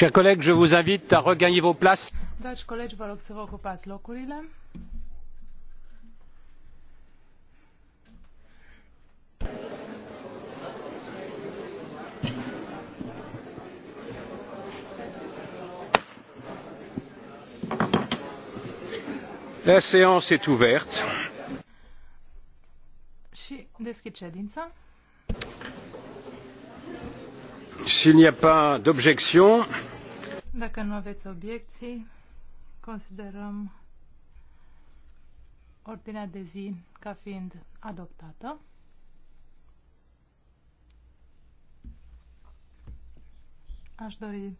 Chers collègues, je vous invite à regagner vos places. Dragi colegi, vă rog să vă ocupați locurile. La séance est ouverte. Și deschid ședința. S'il n'y a pas d'objection, dacă nu aveți obiecții, considerăm ordinea de zi ca fiind adoptată. Aș dori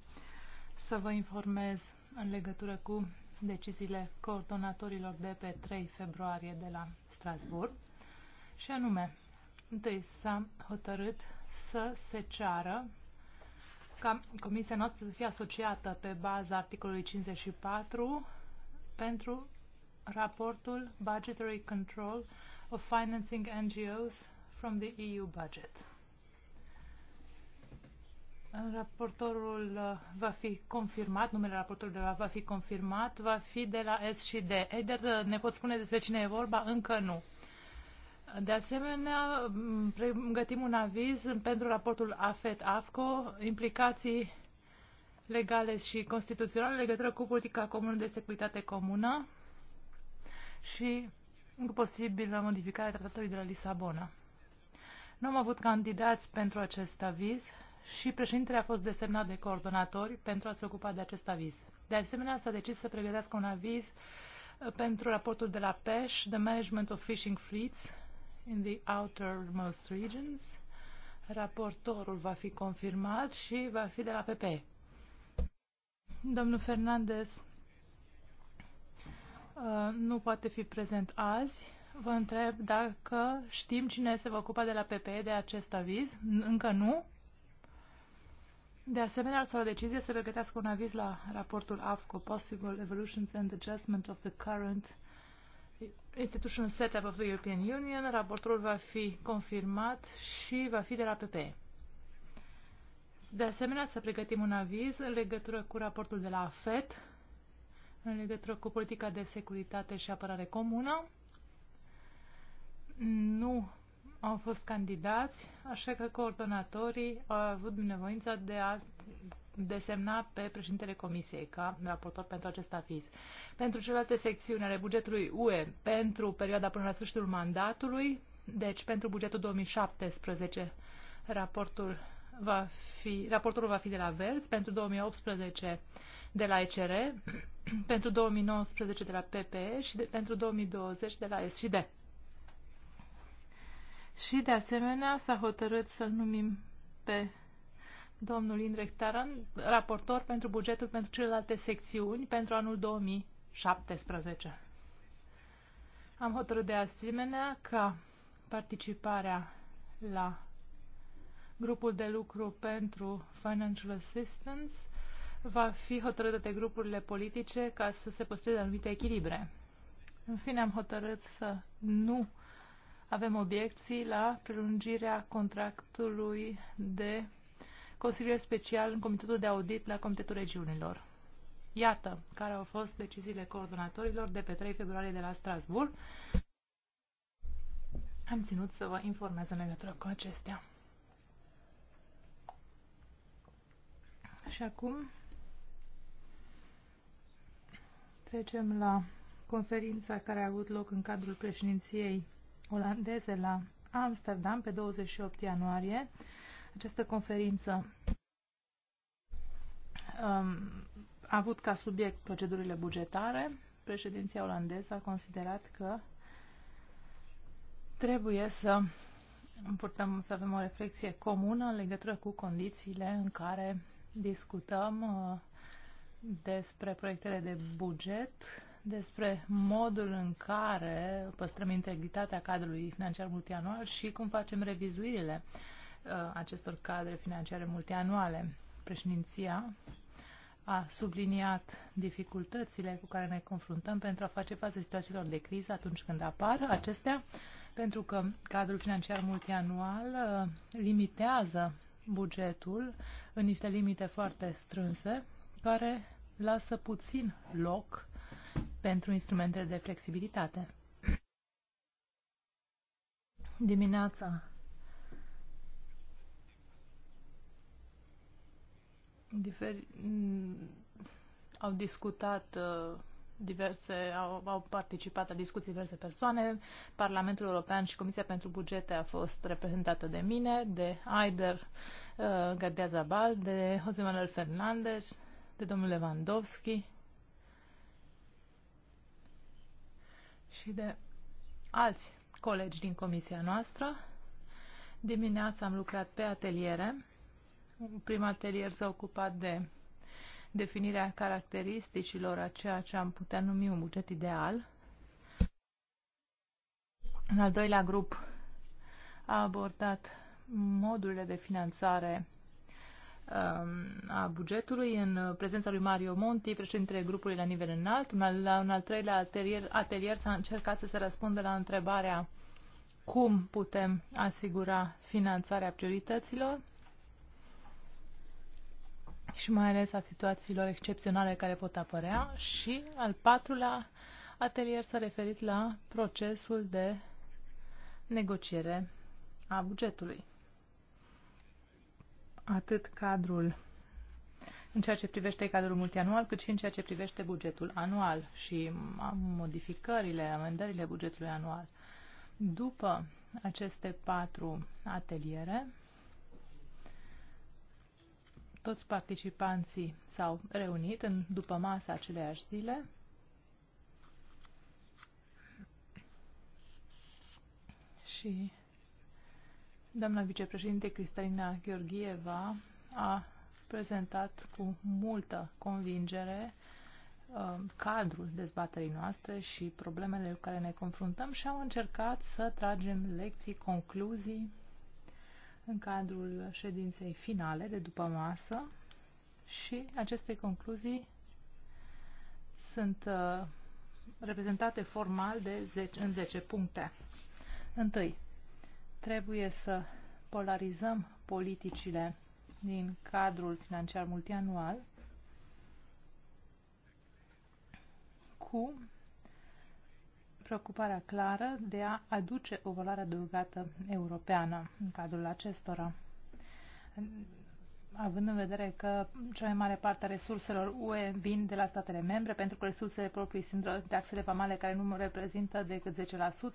să vă informez în legătură cu deciziile coordonatorilor de pe 3 februarie de la Strasburg și anume, întâi s-a hotărât să se ceară ca comisia noastră să fie asociată pe baza articolului 54 pentru raportul Budgetary Control of Financing NGOs from the EU Budget. Raportorul uh, va fi confirmat, numele raportorului va fi confirmat, va fi de la S și D. Eder, uh, ne pot spune despre cine e vorba? Încă nu. De asemenea, pregătim un aviz pentru raportul AFET-AFCO, implicații legale și constituționale legătură cu politica comună de securitate comună și cu posibilă modificare a tratatului de la Lisabona. Nu am avut candidați pentru acest aviz și președintele a fost desemnat de coordonatori pentru a se ocupa de acest aviz. De asemenea, s-a decis să pregătească un aviz uh, pentru raportul de la PESH, The Management of Fishing Fleets, in the outermost regions. Raportorul va fi confirmat și va fi de la PP. Domnul Fernandez uh, nu poate fi prezent azi. Vă întreb dacă știm cine se va ocupa de la PP de acest aviz. Încă nu. De asemenea, s-a decizie să pregătească un aviz la raportul AFCO, Possible Evolutions and Adjustment of the Current Institutional Setup of the European Union. raportul va fi confirmat și va fi de la PPE. De asemenea, să pregătim un aviz în legătură cu raportul de la AFET, în legătură cu politica de securitate și apărare comună. Nu au fost candidați, așa că coordonatorii au avut binevoința de a desemna pe președintele Comisiei ca raportor pentru acest aviz. Pentru celelalte secțiuni ale bugetului UE pentru perioada până la sfârșitul mandatului, deci pentru bugetul 2017, raportul va fi, raportul va fi de la Vers, pentru 2018 de la ECR, pentru 2019 de la PPE și de, pentru 2020 de la SD. Și de asemenea s-a hotărât să numim pe domnul Indrek Taran, raportor pentru bugetul pentru celelalte secțiuni pentru anul 2017. Am hotărât de asemenea ca participarea la grupul de lucru pentru financial assistance va fi hotărâtă de grupurile politice ca să se păstreze anumite echilibre. În fine, am hotărât să nu avem obiecții la prelungirea contractului de consilier special în Comitetul de Audit la Comitetul Regiunilor. Iată care au fost deciziile coordonatorilor de pe 3 februarie de la Strasbourg. Am ținut să vă informez în legătură cu acestea. Și acum trecem la conferința care a avut loc în cadrul președinției olandeze la Amsterdam pe 28 ianuarie această conferință um, a avut ca subiect procedurile bugetare. Președinția olandeză a considerat că trebuie să purtăm, să avem o reflexie comună în legătură cu condițiile în care discutăm uh, despre proiectele de buget, despre modul în care păstrăm integritatea cadrului financiar multianual și cum facem revizuirile uh, Uh, acestor cadre financiare multianuale. Președinția a subliniat dificultățile cu care ne confruntăm pentru a face față situațiilor de criză atunci când apar acestea, pentru că cadrul financiar multianual uh, limitează bugetul în niște limite foarte strânse, care lasă puțin loc pentru instrumentele de flexibilitate. Dimineața Diferi... Mm, au discutat uh, diverse, au, au participat la discuții diverse persoane. Parlamentul European și Comisia pentru Bugete a fost reprezentată de mine, de Aider uh, Gardia Zabal, de José Manuel Fernandez, de domnul Lewandowski și de alți colegi din comisia noastră. Dimineața am lucrat pe ateliere prim atelier s-a ocupat de definirea caracteristicilor a ceea ce am putea numi un buget ideal. În al doilea grup a abordat modurile de finanțare um, a bugetului în prezența lui Mario Monti, președintele grupului la nivel înalt. La un al treilea atelier, atelier s-a încercat să se răspundă la întrebarea cum putem asigura finanțarea priorităților și mai ales a situațiilor excepționale care pot apărea și al patrulea atelier s-a referit la procesul de negociere a bugetului. Atât cadrul în ceea ce privește cadrul multianual, cât și în ceea ce privește bugetul anual și modificările, amendările bugetului anual. După aceste patru ateliere, toți participanții s-au reunit în după masa aceleași zile. Și doamna vicepreședinte Cristalina Gheorgheva a prezentat cu multă convingere uh, cadrul dezbaterii noastre și problemele cu care ne confruntăm și am încercat să tragem lecții, concluzii în cadrul ședinței finale de după masă și aceste concluzii sunt uh, reprezentate formal de 10, în 10 puncte. Întâi, trebuie să polarizăm politicile din cadrul financiar multianual cu preocuparea clară de a aduce o valoare adăugată europeană în cadrul acestora. Având în vedere că cea mai mare parte a resurselor UE vin de la statele membre, pentru că resursele proprii sunt de axele vamale care nu reprezintă decât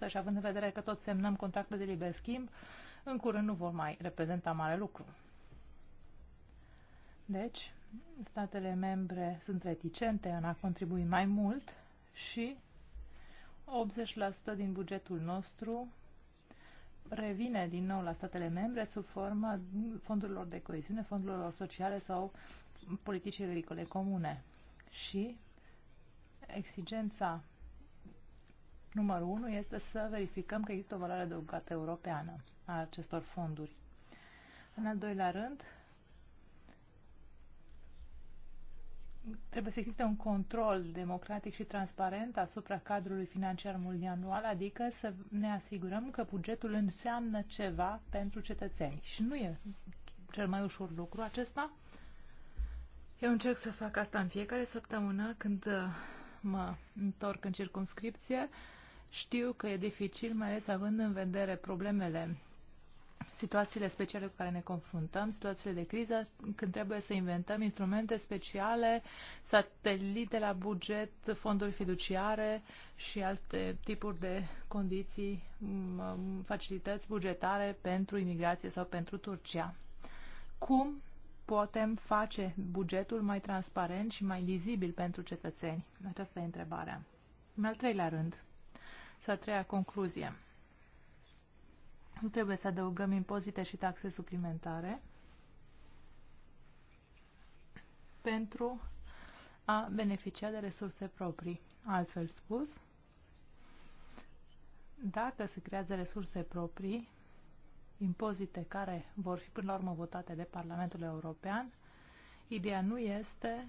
10% și având în vedere că tot semnăm contracte de liber schimb, în curând nu vor mai reprezenta mare lucru. Deci, statele membre sunt reticente în a contribui mai mult și 80% din bugetul nostru revine din nou la statele membre sub forma fondurilor de coeziune, fondurilor sociale sau politicii agricole comune. Și exigența numărul unu este să verificăm că există o valoare adăugată europeană a acestor fonduri. În al doilea rând, trebuie să existe un control democratic și transparent asupra cadrului financiar multianual, adică să ne asigurăm că bugetul înseamnă ceva pentru cetățeni. Și nu e cel mai ușor lucru acesta. Eu încerc să fac asta în fiecare săptămână când uh, mă întorc în circumscripție. Știu că e dificil, mai ales având în vedere problemele situațiile speciale cu care ne confruntăm, situațiile de criză, când trebuie să inventăm instrumente speciale, satelite la buget, fonduri fiduciare și alte tipuri de condiții, facilități bugetare pentru imigrație sau pentru Turcia. Cum putem face bugetul mai transparent și mai lizibil pentru cetățeni? Aceasta e întrebarea. În al treilea rând, sau a treia concluzie. Nu trebuie să adăugăm impozite și taxe suplimentare pentru a beneficia de resurse proprii. Altfel spus, dacă se creează resurse proprii, impozite care vor fi până la urmă votate de Parlamentul European, ideea nu este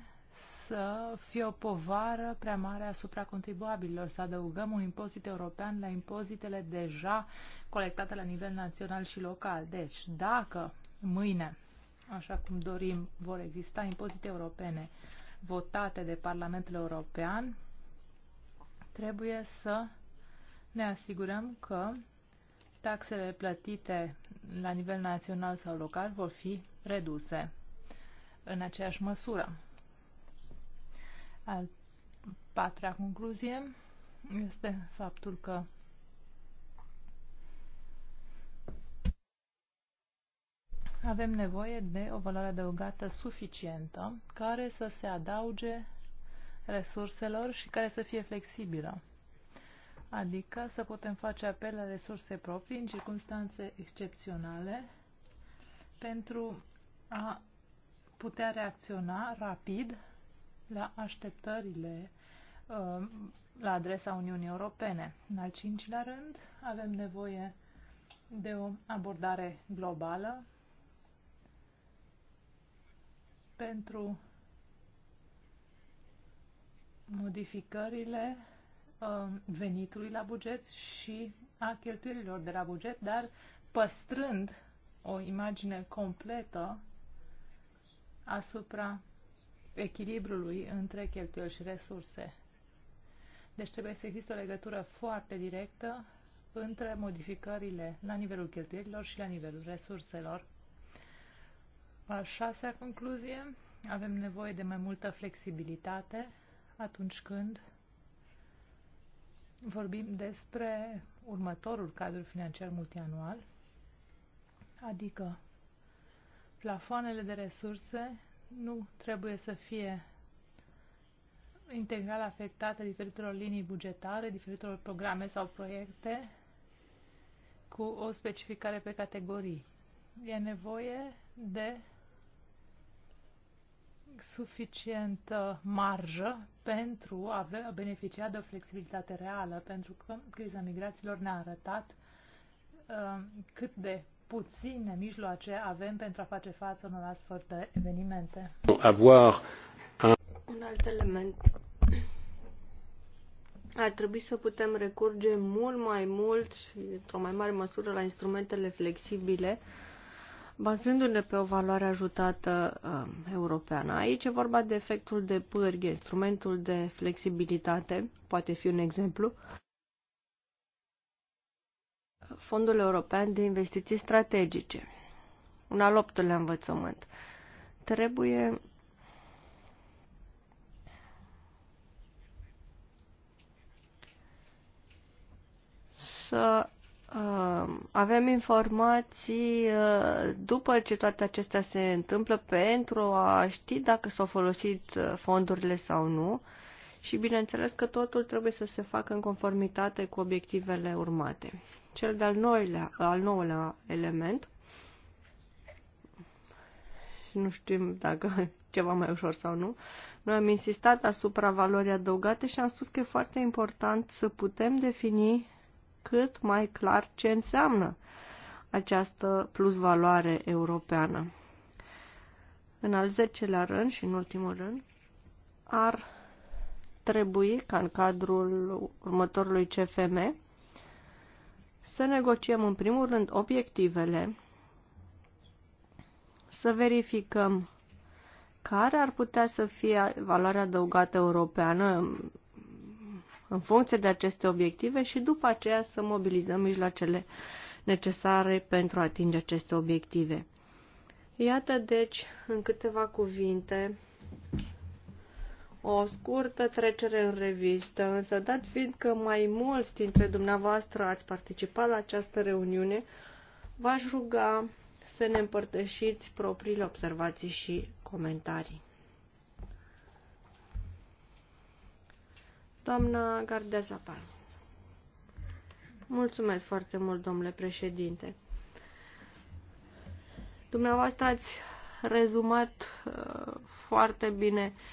să fie o povară prea mare asupra contribuabililor, să adăugăm un impozit european la impozitele deja colectate la nivel național și local. Deci, dacă mâine, așa cum dorim, vor exista impozite europene votate de Parlamentul European, trebuie să ne asigurăm că taxele plătite la nivel național sau local vor fi reduse în aceeași măsură. Al patra concluzie este faptul că avem nevoie de o valoare adăugată suficientă care să se adauge resurselor și care să fie flexibilă. Adică să putem face apel la resurse proprii în circunstanțe excepționale pentru a putea reacționa rapid la așteptările uh, la adresa Uniunii Europene. În al cincilea rând, avem nevoie de o abordare globală pentru modificările uh, venitului la buget și a cheltuielilor de la buget, dar păstrând o imagine completă asupra echilibrului între cheltuieli și resurse. Deci trebuie să există o legătură foarte directă între modificările la nivelul cheltuielilor și la nivelul resurselor. A șasea concluzie, avem nevoie de mai multă flexibilitate atunci când vorbim despre următorul cadru financiar multianual, adică plafoanele de resurse nu trebuie să fie integral afectate diferitelor linii bugetare, diferitelor programe sau proiecte cu o specificare pe categorii. E nevoie de suficientă marjă pentru a beneficia de o flexibilitate reală, pentru că criza migrațiilor ne-a arătat uh, cât de puține mijloace avem pentru a face față unor astfel de evenimente. un... un alt element. Ar trebui să putem recurge mult mai mult și într-o mai mare măsură la instrumentele flexibile, bazându-ne pe o valoare ajutată uh, europeană. Aici e vorba de efectul de pârghie, instrumentul de flexibilitate, poate fi un exemplu. Fondul European de Investiții Strategice. Un al optulea învățământ. Trebuie să uh, avem informații uh, după ce toate acestea se întâmplă pentru a ști dacă s-au folosit uh, fondurile sau nu și bineînțeles că totul trebuie să se facă în conformitate cu obiectivele urmate cel de-al nouălea, al nouălea element. Și nu știm dacă ceva mai ușor sau nu. Noi am insistat asupra valorii adăugate și am spus că e foarte important să putem defini cât mai clar ce înseamnă această plusvaloare europeană. În al zecelea rând și în ultimul rând, ar trebui ca în cadrul următorului CFM să negociem în primul rând obiectivele, să verificăm care ar putea să fie valoarea adăugată europeană în funcție de aceste obiective și după aceea să mobilizăm mijloacele necesare pentru a atinge aceste obiective. Iată deci, în câteva cuvinte, o scurtă trecere în revistă, însă dat fiind că mai mulți dintre dumneavoastră ați participat la această reuniune, v-aș ruga să ne împărtășiți propriile observații și comentarii. Doamna Gardea Zapal. Mulțumesc foarte mult, domnule președinte. Dumneavoastră ați rezumat uh, foarte bine uh,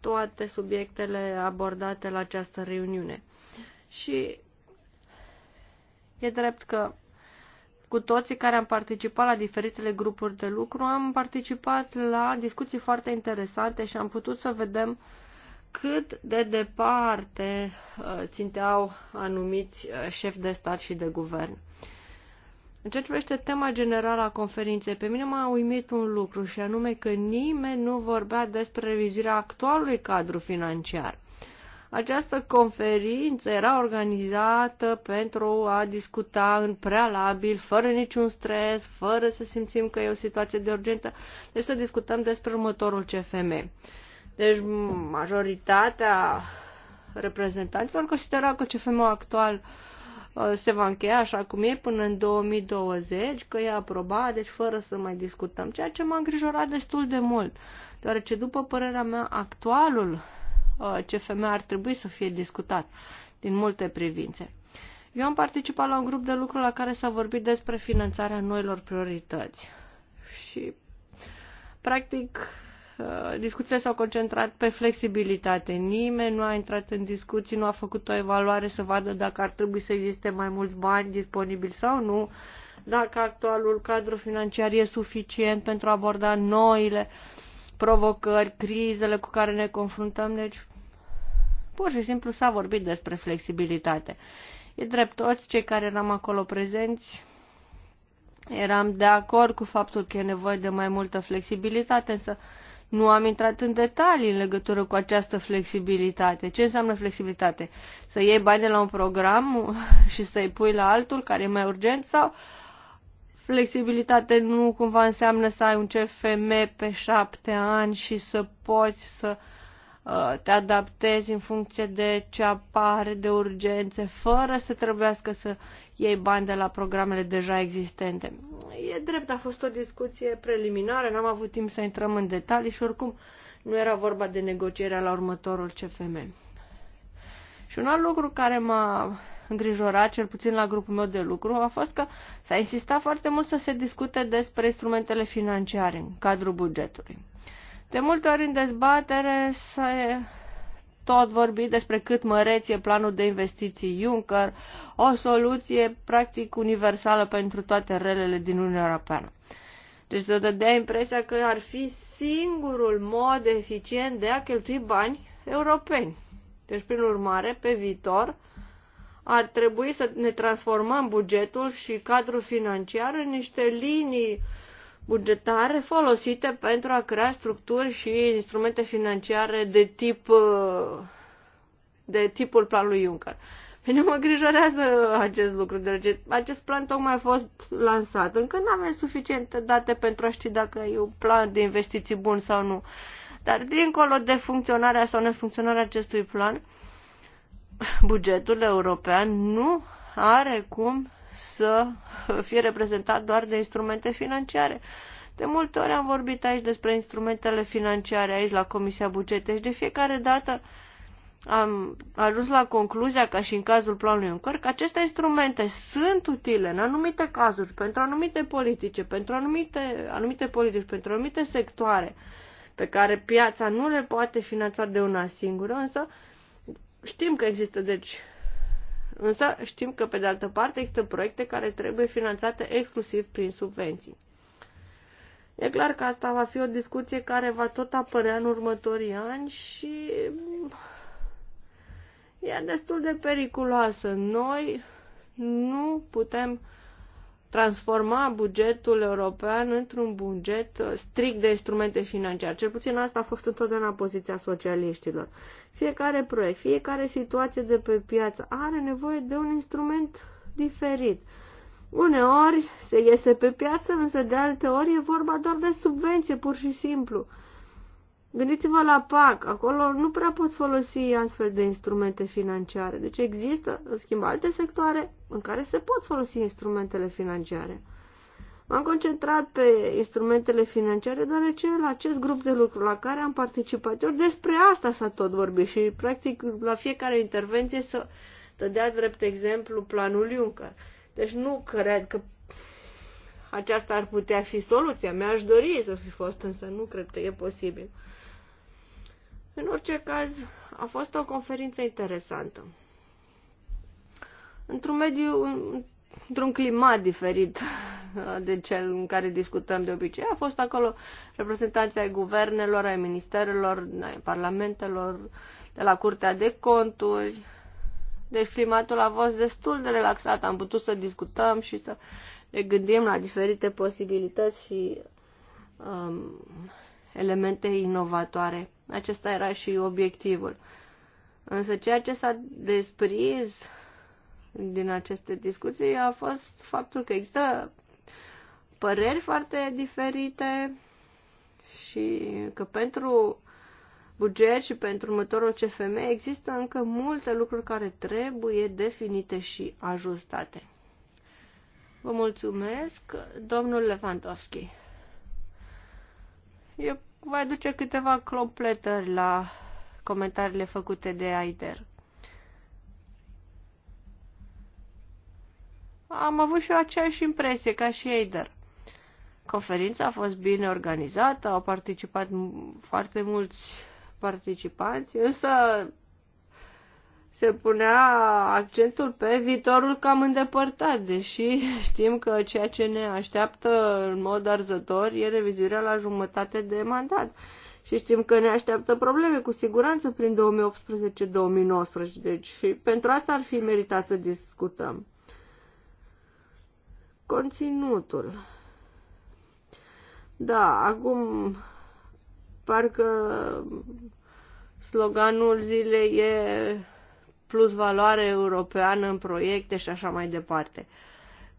toate subiectele abordate la această reuniune. Și e drept că cu toții care am participat la diferitele grupuri de lucru, am participat la discuții foarte interesante și am putut să vedem cât de departe uh, ținteau anumiți uh, șefi de stat și de guvern. În ce privește tema generală a conferinței, pe mine m-a uimit un lucru și anume că nimeni nu vorbea despre revizuirea actualului cadru financiar. Această conferință era organizată pentru a discuta în prealabil, fără niciun stres, fără să simțim că e o situație de urgentă, deci să discutăm despre următorul CFM. Deci majoritatea reprezentanților considera că CFM-ul actual uh, Uh, se va încheia așa cum e până în 2020, că e aprobat, deci fără să mai discutăm, ceea ce m-a îngrijorat destul de mult, deoarece după părerea mea actualul uh, CFM ar trebui să fie discutat din multe privințe. Eu am participat la un grup de lucru la care s-a vorbit despre finanțarea noilor priorități. Și, practic, discuțiile s-au concentrat pe flexibilitate. Nimeni nu a intrat în discuții, nu a făcut o evaluare să vadă dacă ar trebui să existe mai mulți bani disponibili sau nu, dacă actualul cadru financiar e suficient pentru a aborda noile provocări, crizele cu care ne confruntăm. Deci, pur și simplu s-a vorbit despre flexibilitate. E drept, toți cei care eram acolo prezenți eram de acord cu faptul că e nevoie de mai multă flexibilitate, însă nu am intrat în detalii în legătură cu această flexibilitate. Ce înseamnă flexibilitate? Să iei bani de la un program și să-i pui la altul care e mai urgent sau flexibilitate nu cumva înseamnă să ai un CFM pe șapte ani și să poți să uh, Uh, te adaptezi în funcție de ce apare de urgențe, fără să trebuiască să iei bani de la programele deja existente. E drept, a fost o discuție preliminară, n-am avut timp să intrăm în detalii și oricum nu era vorba de negocierea la următorul CFM. Și un alt lucru care m-a îngrijorat, cel puțin la grupul meu de lucru, a fost că s-a insistat foarte mult să se discute despre instrumentele financiare în cadrul bugetului. De multe ori în dezbatere se tot vorbit despre cât măreț e planul de investiții Juncker, o soluție practic universală pentru toate relele din Uniunea Europeană. Deci se dădea impresia că ar fi singurul mod eficient de a cheltui bani europeni. Deci, prin urmare, pe viitor, ar trebui să ne transformăm bugetul și cadrul financiar în niște linii bugetare folosite pentru a crea structuri și instrumente financiare de tip uh, de tipul planului Juncker. Bine, mă îngrijorează acest lucru, deoarece acest plan tocmai a fost lansat. Încă nu avem suficiente date pentru a ști dacă e un plan de investiții bun sau nu. Dar dincolo de funcționarea sau nefuncționarea acestui plan, bugetul european nu are cum să fie reprezentat doar de instrumente financiare. De multe ori am vorbit aici despre instrumentele financiare aici la Comisia Bugete și de fiecare dată am ajuns la concluzia, ca și în cazul planului Juncker, că aceste instrumente sunt utile în anumite cazuri, pentru anumite politice, pentru anumite, anumite politici, pentru anumite sectoare pe care piața nu le poate finanța de una singură, însă știm că există deci Însă știm că, pe de altă parte, există proiecte care trebuie finanțate exclusiv prin subvenții. E clar că asta va fi o discuție care va tot apărea în următorii ani și mm, e destul de periculoasă. Noi nu putem uh, transforma bugetul european într-un buget uh, strict de instrumente financiare. Cel puțin asta a fost întotdeauna poziția socialiștilor. Fiecare proiect, fiecare situație de pe piață are nevoie de un instrument diferit. Uneori se iese pe piață, însă de alte ori e vorba doar de subvenție, pur și simplu. Gândiți-vă la PAC, acolo nu prea poți folosi astfel de instrumente financiare. Deci există, în schimb, alte sectoare în care se pot folosi instrumentele financiare. M-am concentrat pe instrumentele financiare deoarece la acest grup de lucru la care am participat eu despre asta s-a tot vorbit și practic la fiecare intervenție să tădea drept exemplu planul Juncker. Deci nu cred că aceasta ar putea fi soluția. Mi-aș dori să fi fost, însă nu cred că e posibil. În orice caz, a fost o conferință interesantă. Într-un mediu, într-un climat diferit uh, de cel în care discutăm de obicei, a fost acolo reprezentanții ai guvernelor, ai ministerelor, ai parlamentelor, de la Curtea de Conturi. Deci climatul a fost destul de relaxat, am putut să discutăm și să ne gândim la diferite posibilități și um, elemente inovatoare acesta era și obiectivul. Însă ceea ce s-a desprins din aceste discuții a fost faptul că există păreri foarte diferite și că pentru buget și pentru următorul CFM există încă multe lucruri care trebuie definite și ajustate. Vă mulțumesc, domnul Lewandowski. Eu voi aduce câteva completări la comentariile făcute de Aider. Am avut și eu aceeași impresie ca și Aider. Conferința a fost bine organizată, au participat foarte mulți participanți, însă se punea accentul pe viitorul cam îndepărtat, deși știm că ceea ce ne așteaptă în mod arzător e revizuirea la jumătate de mandat. Și știm că ne așteaptă probleme cu siguranță prin 2018-2019, deci și pentru asta ar fi meritat să discutăm. Conținutul. Da, acum parcă sloganul zilei e plus valoare europeană în proiecte și așa mai departe.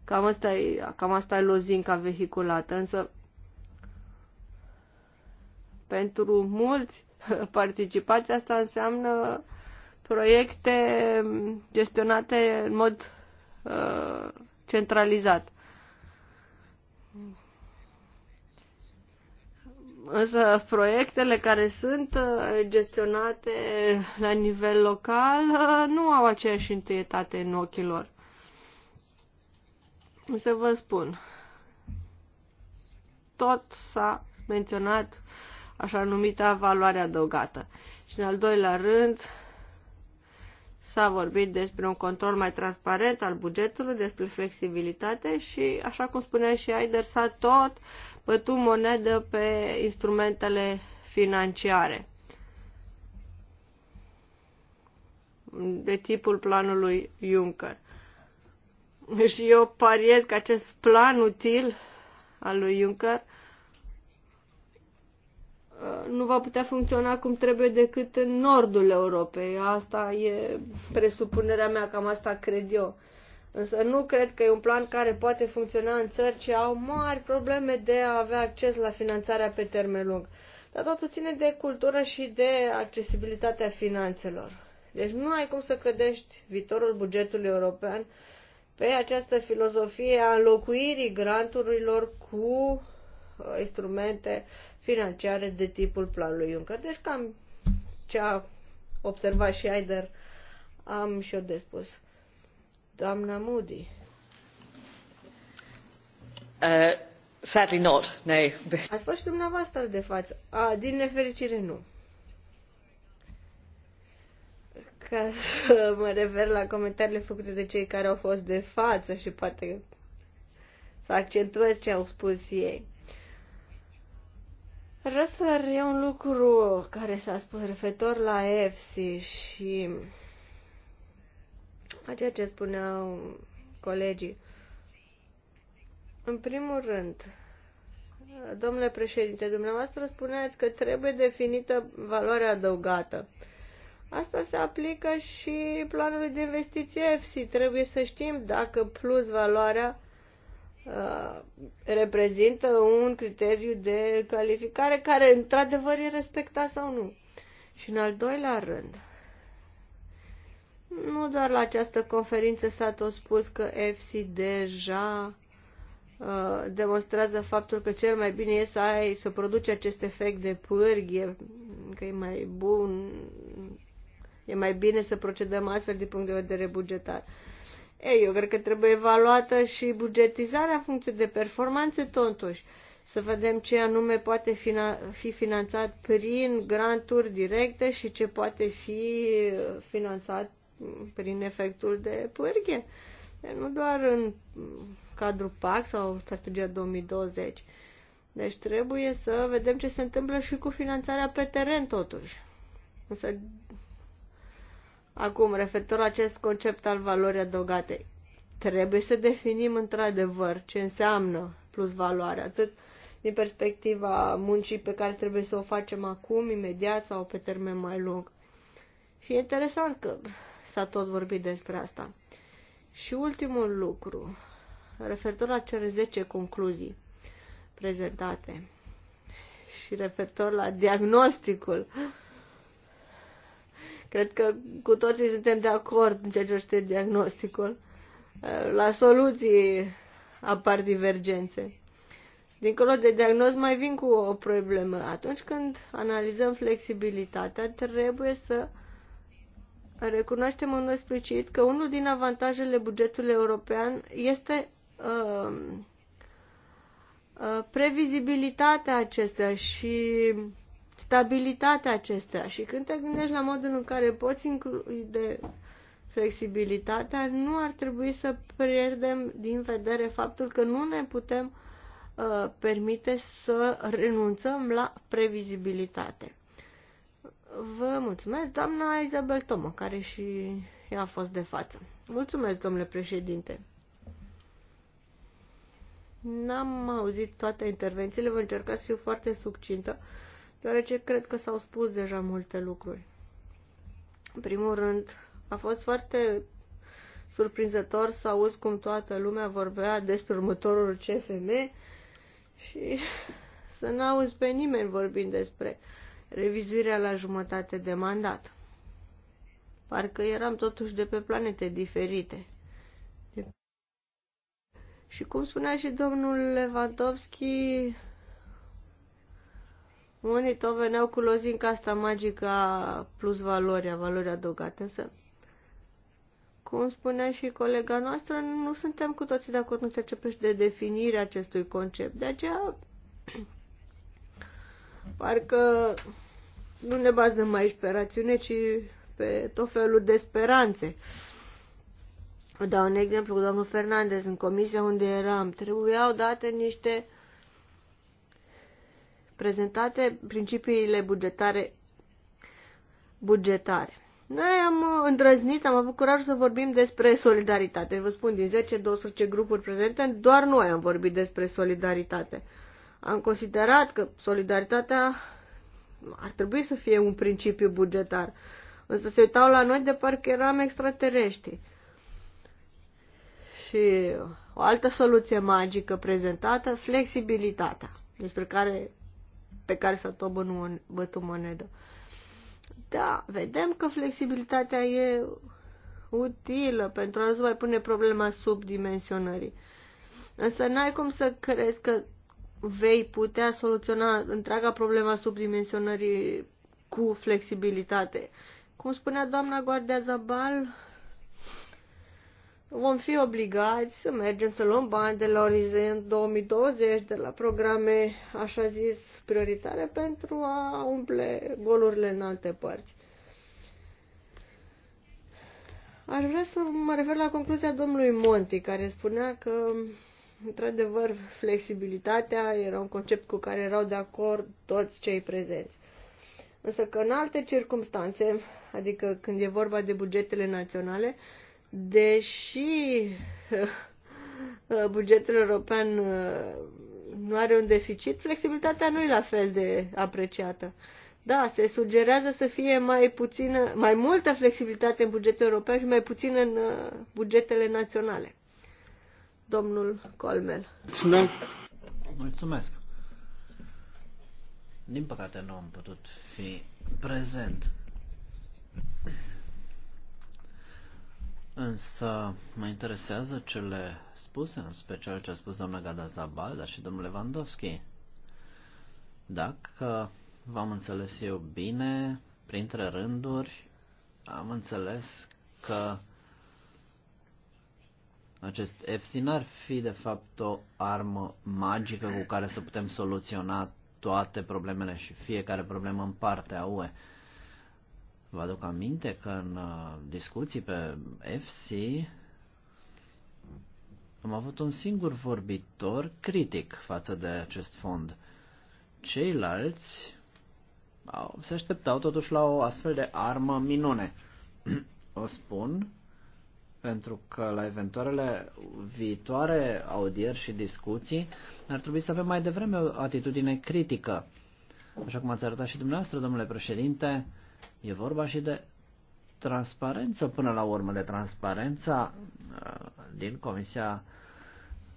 Cam asta e, cam asta e lozinca vehiculată, însă pentru mulți participația asta înseamnă proiecte gestionate în mod uh, centralizat. Însă proiectele care sunt uh, gestionate la nivel local uh, nu au aceeași întâietate în ochii lor. Să vă spun, tot s-a menționat așa numita valoare adăugată. Și în al doilea rând, S-a vorbit despre un control mai transparent al bugetului, despre flexibilitate și, așa cum spunea și Aider, s-a tot bătut monedă pe instrumentele financiare de tipul planului Juncker. Și eu pariez că acest plan util al lui Juncker uh, Uh, nu va putea funcționa cum trebuie decât în nordul Europei. Asta e presupunerea mea, cam asta cred eu. Însă nu cred că e un plan care poate funcționa în țări ce au mari probleme de a avea acces la finanțarea pe termen lung. Dar totul ține de cultură și de accesibilitatea finanțelor. Deci nu ai cum să cădești viitorul bugetului european pe această filozofie a înlocuirii granturilor cu uh, instrumente financiare de tipul planului Juncker. Deci cam ce a observat și Aider am și eu de spus. Doamna Moody. Uh, sadly not, no. Ați fost și dumneavoastră de față. A, din nefericire nu. Ca să mă refer la comentariile făcute de cei care au fost de față și poate să accentuez ce au spus ei. Răsfăr e un lucru care s-a spus referitor la EFSI și a ceea ce spuneau colegii. În primul rând, domnule președinte, dumneavoastră spuneați că trebuie definită valoarea adăugată. Asta se aplică și planului de investiție EFSI. Trebuie să știm dacă plus valoarea Uh, reprezintă un criteriu de calificare care într-adevăr e respectat sau nu. Și în al doilea rând, nu doar la această conferință s-a tot spus că FC deja uh, demonstrează faptul că cel mai bine e să ai, să produci acest efect de pârghie, că e mai bun, e mai bine să procedăm astfel din punct de vedere bugetar. Uh, ei, eu cred că trebuie evaluată și bugetizarea în funcție de performanțe, totuși. Să vedem ce anume poate fi finanțat prin granturi directe și ce poate fi uh, finanțat prin efectul de pârghie. Deci nu doar în cadrul PAC sau strategia 2020. Deci trebuie să vedem ce se întâmplă și cu finanțarea pe teren, totuși. Însă Acum, referitor la acest concept al valorii adăugate, trebuie să definim într-adevăr ce înseamnă plus valoare, atât din perspectiva muncii pe care trebuie să o facem acum, imediat sau pe termen mai lung. Și e interesant că s-a tot vorbit despre asta. Și ultimul lucru, referitor la cele 10 concluzii prezentate și referitor la diagnosticul uh, Cred că cu toții suntem de acord în ceea ce este diagnosticul. Eh, la soluții apar divergențe. Dincolo de diagnoz mai vin cu o problemă. Atunci când analizăm flexibilitatea, trebuie să recunoaștem în explicit că unul din avantajele bugetului european este uh, uh, previzibilitatea acestea și stabilitatea acestea și când te gândești la modul în care poți include flexibilitatea, nu ar trebui să pierdem din vedere faptul că nu ne putem uh, permite să renunțăm la previzibilitate. Vă mulțumesc, doamna Isabel Tomă, care și ea a fost de față. Mulțumesc, domnule președinte. N-am auzit toate intervențiile, voi încerca să fiu foarte succintă deoarece cred că s-au spus deja multe lucruri. În primul rând, a fost foarte surprinzător să aud cum toată lumea vorbea despre următorul CFM și să n-auzi pe nimeni vorbind despre revizuirea la jumătate de mandat. Parcă eram totuși de pe planete diferite. Și cum spunea și domnul Lewandowski, unii tot veneau cu lozinca asta magică a plus valoarea, valoarea adăugată, însă cum spunea și colega noastră, nu suntem cu toții de acord în ceea ce privește de definirea acestui concept. De aceea, parcă nu ne bazăm aici pe rațiune, ci pe tot felul de speranțe. Vă dau un exemplu cu domnul Fernandez în comisia unde eram. Trebuiau date niște prezentate principiile bugetare bugetare. Noi am uh, îndrăznit, am avut curajul să vorbim despre solidaritate. Vă spun, din 10-12 grupuri prezente, doar noi am vorbit despre solidaritate. Am considerat că solidaritatea ar trebui să fie un principiu bugetar. Însă se uitau la noi de parcă eram extraterestri. Și o altă soluție magică prezentată, flexibilitatea, despre care pe care să tot bătu monedă. Da, vedem că flexibilitatea e utilă pentru a nu mai pune problema subdimensionării. Însă n-ai cum să crezi că vei putea soluționa întreaga problema subdimensionării cu flexibilitate. Cum spunea doamna Guardia Zabal, vom fi obligați să mergem să luăm bani de la Orizen 2020, de la programe, așa zis, prioritare pentru a umple golurile în alte părți. Aș vrea să mă refer la concluzia domnului Monti, care spunea că, într-adevăr, flexibilitatea era un concept cu care erau de acord toți cei prezenți. Însă că în alte circunstanțe, adică când e vorba de bugetele naționale, deși bugetul european nu are un deficit, flexibilitatea nu e la fel de apreciată. Da, se sugerează să fie mai puțină, mai multă flexibilitate în bugetul european și mai puțină în uh, bugetele naționale. Domnul Colmel. Da. Mulțumesc. Din păcate nu am putut fi prezent. Însă mă interesează cele spuse, în special ce a spus doamna Gada Zabal, dar și domnul Lewandowski. Dacă v-am înțeles eu bine, printre rânduri, am înțeles că acest EFSI n-ar fi de fapt o armă magică cu care să putem soluționa toate problemele și fiecare problemă în parte a UE. Vă aduc aminte că în uh, discuții pe FC am avut un singur vorbitor critic față de acest fond. Ceilalți au, se așteptau totuși la o astfel de armă minune. o spun pentru că la eventualele viitoare audieri și discuții ar trebui să avem mai devreme o atitudine critică. Așa cum ați arătat și dumneavoastră, domnule președinte, E vorba și de transparență până la urmă, de transparența uh, din Comisia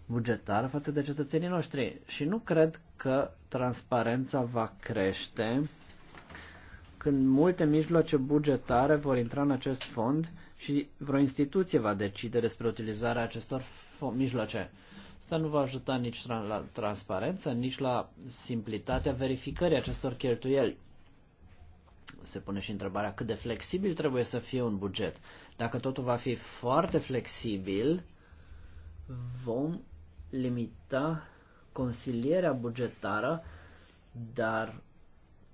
Bugetară față de cetățenii noștri. Și nu cred că transparența va crește când multe mijloace bugetare vor intra în acest fond și vreo instituție va decide despre utilizarea acestor mijloace. Asta nu va ajuta nici la transparență, nici la simplitatea verificării acestor cheltuieli se pune și întrebarea cât de flexibil trebuie să fie un buget. Dacă totul va fi foarte flexibil, vom limita consilierea bugetară, dar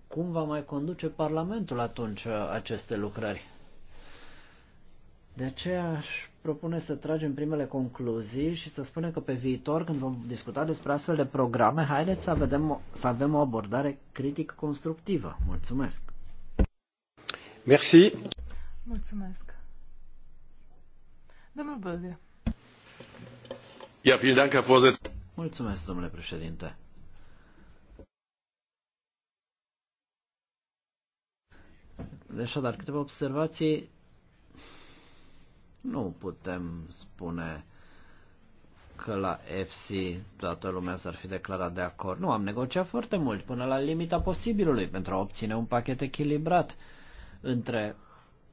cum va mai conduce Parlamentul atunci uh, aceste lucrări? De aceea aș propune să tragem primele concluzii și să spunem că pe viitor, când vom discuta despre astfel de programe, haideți să, vedem, să avem o abordare critic-constructivă. Mulțumesc! Mulțumesc. domnule președinte. Așadar, câteva observații. Nu putem spune că la FC toată lumea s-ar fi declarat de acord. Nu, am negociat foarte mult, până la limita posibilului, pentru a obține un pachet echilibrat între,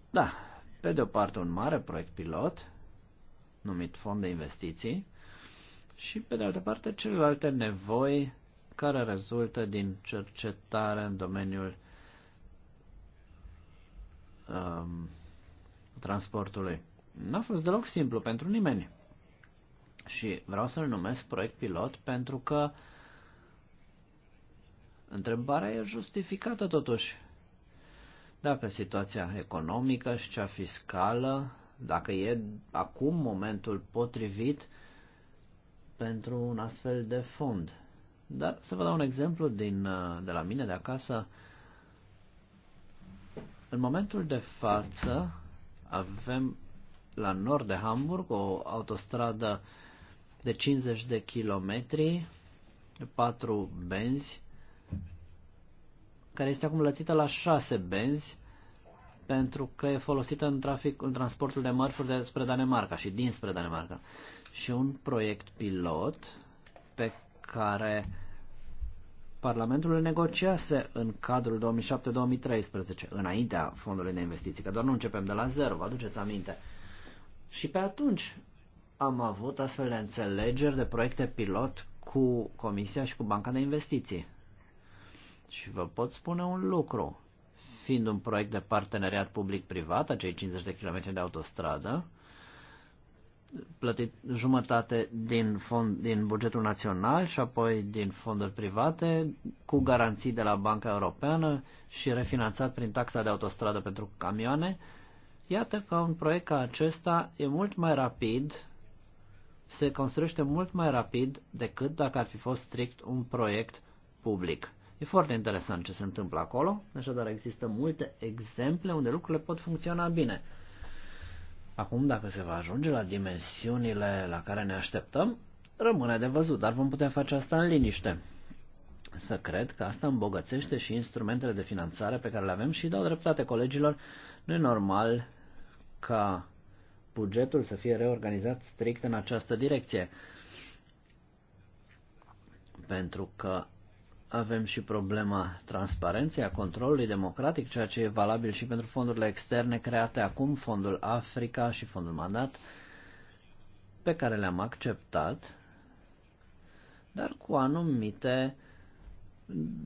da, pe de o parte un mare proiect pilot, numit fond de investiții, și pe de altă parte celelalte nevoi care rezultă din cercetare în domeniul um, transportului. N-a fost deloc simplu pentru nimeni. Și vreau să-l numesc proiect pilot pentru că întrebarea e justificată totuși. Dacă situația economică și cea fiscală, dacă e acum momentul potrivit pentru un astfel de fond. Dar să vă dau un exemplu din, uh, de la mine de acasă. În momentul de față avem la nord de Hamburg o autostradă de 50 de kilometri, patru benzi care este acum lățită la 6 benzi pentru că e folosită în, trafic, în transportul de mărfuri de spre Danemarca și dinspre Danemarca. Și un proiect pilot pe care Parlamentul îl negociase în cadrul 2007-2013, înaintea fondului de investiții, că doar nu începem de la zero, vă aduceți aminte. Și pe atunci am avut astfel de înțelegeri de proiecte pilot cu Comisia și cu Banca de Investiții. Și vă pot spune un lucru. Fiind un proiect de parteneriat public-privat, acei 50 de km de autostradă, plătit jumătate din, fond, din bugetul național și apoi din fonduri private, cu garanții de la Banca Europeană și refinanțat prin taxa de autostradă pentru camioane. Iată că un proiect ca acesta e mult mai rapid, se construiește mult mai rapid decât dacă ar fi fost strict un proiect public. E foarte interesant ce se întâmplă acolo, așadar există multe exemple unde lucrurile pot funcționa bine. Acum, dacă se va ajunge la dimensiunile la care ne așteptăm, rămâne de văzut, dar vom putea face asta în liniște. Să cred că asta îmbogățește și instrumentele de finanțare pe care le avem și dau dreptate colegilor. Nu e normal ca bugetul să fie reorganizat strict în această direcție. Pentru că avem și problema transparenței, a controlului democratic, ceea ce e valabil și pentru fondurile externe create acum, Fondul Africa și Fondul Mandat, pe care le-am acceptat, dar cu anumite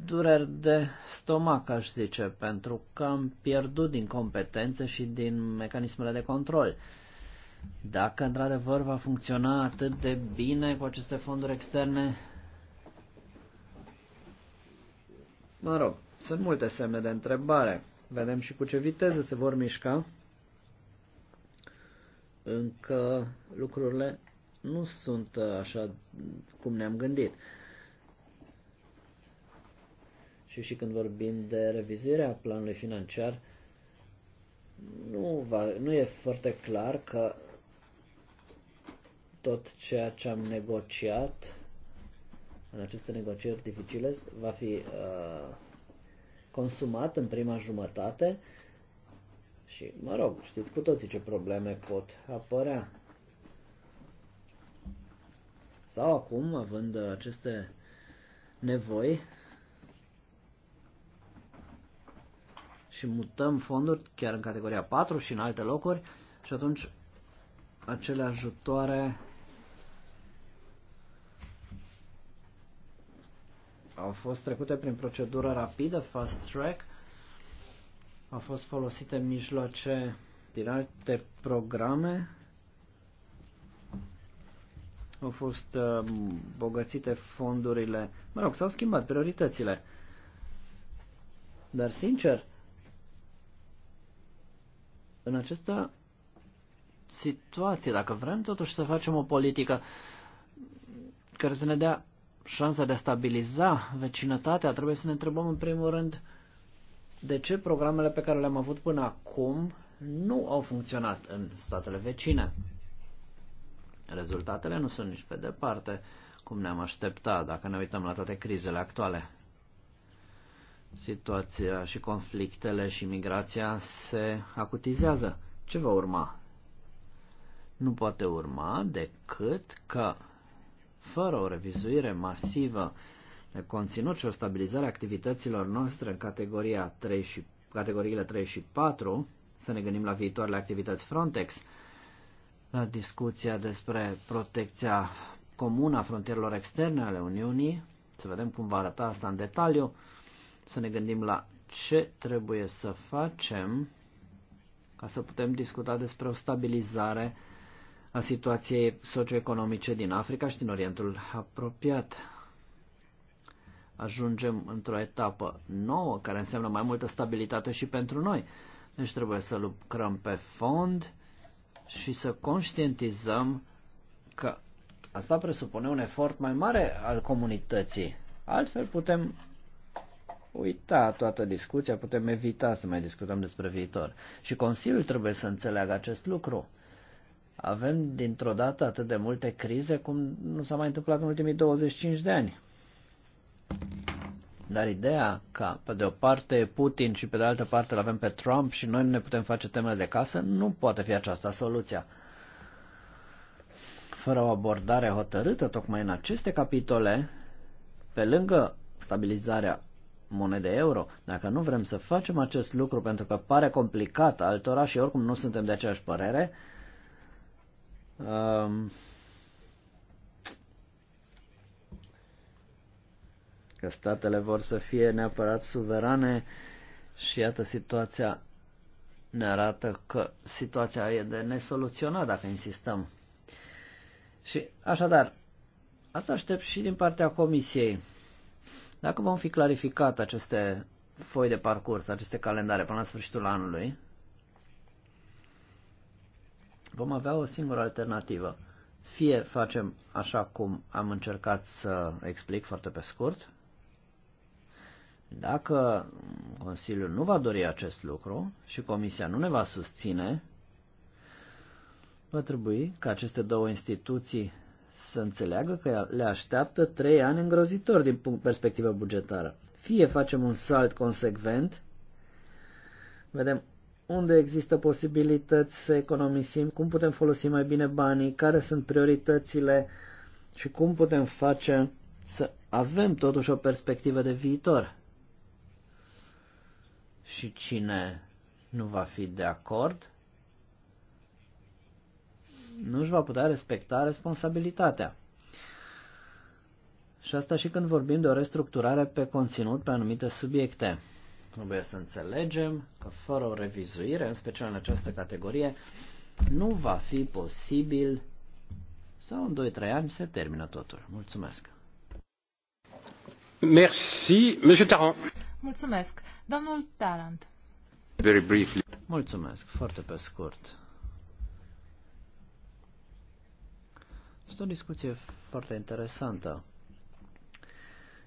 dureri de stomac, aș zice, pentru că am pierdut din competențe și din mecanismele de control. Dacă într-adevăr va funcționa atât de bine cu aceste fonduri externe, Mă rog, sunt multe semne de întrebare. Vedem și cu ce viteză se vor mișca. Încă lucrurile nu sunt așa cum ne-am gândit. Și și când vorbim de revizuirea planului financiar, nu, va, nu e foarte clar că tot ceea ce am negociat în aceste negocieri dificile va fi uh, consumat în prima jumătate și, mă rog, știți cu toții ce probleme pot apărea. Sau acum, având aceste nevoi și mutăm fonduri chiar în categoria 4 și în alte locuri și atunci acele ajutoare au fost trecute prin procedură rapidă, fast track, au fost folosite mijloace din alte programe, au fost uh, bogățite fondurile, mă rog, s-au schimbat prioritățile. Dar, sincer, în această situație, dacă vrem totuși să facem o politică care să ne dea șansa de a stabiliza vecinătatea, trebuie să ne întrebăm în primul rând de ce programele pe care le-am avut până acum nu au funcționat în statele vecine. Rezultatele nu sunt nici pe departe cum ne-am așteptat dacă ne uităm la toate crizele actuale. Situația și conflictele și migrația se acutizează. Ce va urma? Nu poate urma decât că fără o revizuire masivă de conținut și o stabilizare a activităților noastre în categoria 3 și, categoriile 3 și 4, să ne gândim la viitoarele activități Frontex, la discuția despre protecția comună a frontierelor externe ale Uniunii, să vedem cum va arăta asta în detaliu, să ne gândim la ce trebuie să facem ca să putem discuta despre o stabilizare a situației socioeconomice din Africa și din Orientul apropiat. Ajungem într-o etapă nouă, care înseamnă mai multă stabilitate și pentru noi. Deci trebuie să lucrăm pe fond și să conștientizăm că asta presupune un efort mai mare al comunității. Altfel putem uita toată discuția, putem evita să mai discutăm despre viitor. Și Consiliul trebuie să înțeleagă acest lucru avem dintr-o dată atât de multe crize cum nu s-a mai întâmplat în ultimii 25 de ani. Dar ideea că pe de o parte e Putin și pe de altă parte îl avem pe Trump și noi nu ne putem face temele de casă, nu poate fi aceasta soluția. Fără o abordare hotărâtă, tocmai în aceste capitole, pe lângă stabilizarea monedei euro, dacă nu vrem să facem acest lucru pentru că pare complicat altora și oricum nu suntem de aceeași părere, uh, Um, că statele vor să fie neapărat suverane și iată situația ne arată că situația e de nesoluționat dacă insistăm. Și așadar, asta aștept și din partea comisiei. Dacă vom fi clarificat aceste foi de parcurs, aceste calendare până la sfârșitul anului, vom avea o singură alternativă. Fie facem așa cum am încercat să explic foarte pe scurt, dacă Consiliul nu va dori acest lucru și Comisia nu ne va susține, va trebui ca aceste două instituții să înțeleagă că le așteaptă trei ani îngrozitori din punct perspectivă bugetară. Fie facem un salt consecvent, vedem unde există posibilități să economisim, cum putem folosi mai bine banii, care sunt prioritățile și cum putem face să avem totuși o perspectivă de viitor. Și cine nu va fi de acord, nu își va putea respecta responsabilitatea. Și asta și când vorbim de o restructurare pe conținut pe anumite subiecte. Trebuie să înțelegem că fără o revizuire, în special în această categorie, nu va fi posibil sau în 2-3 ani se termină totul. Mulțumesc. Merci, Monsieur Tarant. Mulțumesc. Domnul Tarant. Very briefly. Mulțumesc, foarte pe scurt. Este o discuție foarte interesantă.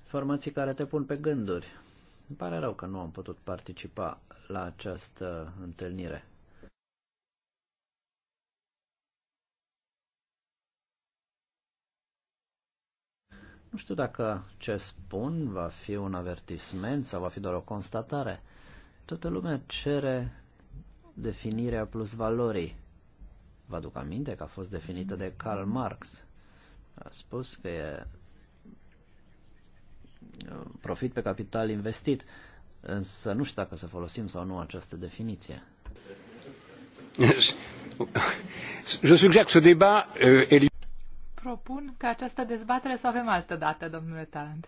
Informații care te pun pe gânduri. Îmi pare rău că nu am putut participa la această întâlnire. Nu știu dacă ce spun va fi un avertisment sau va fi doar o constatare. Toată lumea cere definirea plus valorii. Vă aduc aminte că a fost definită de Karl Marx. A spus că e profit pe capital investit, însă nu știu dacă să folosim sau nu această definiție. Je suggère que ce débat euh, est... Propun ca această dezbatere să avem altă dată, domnule Talent.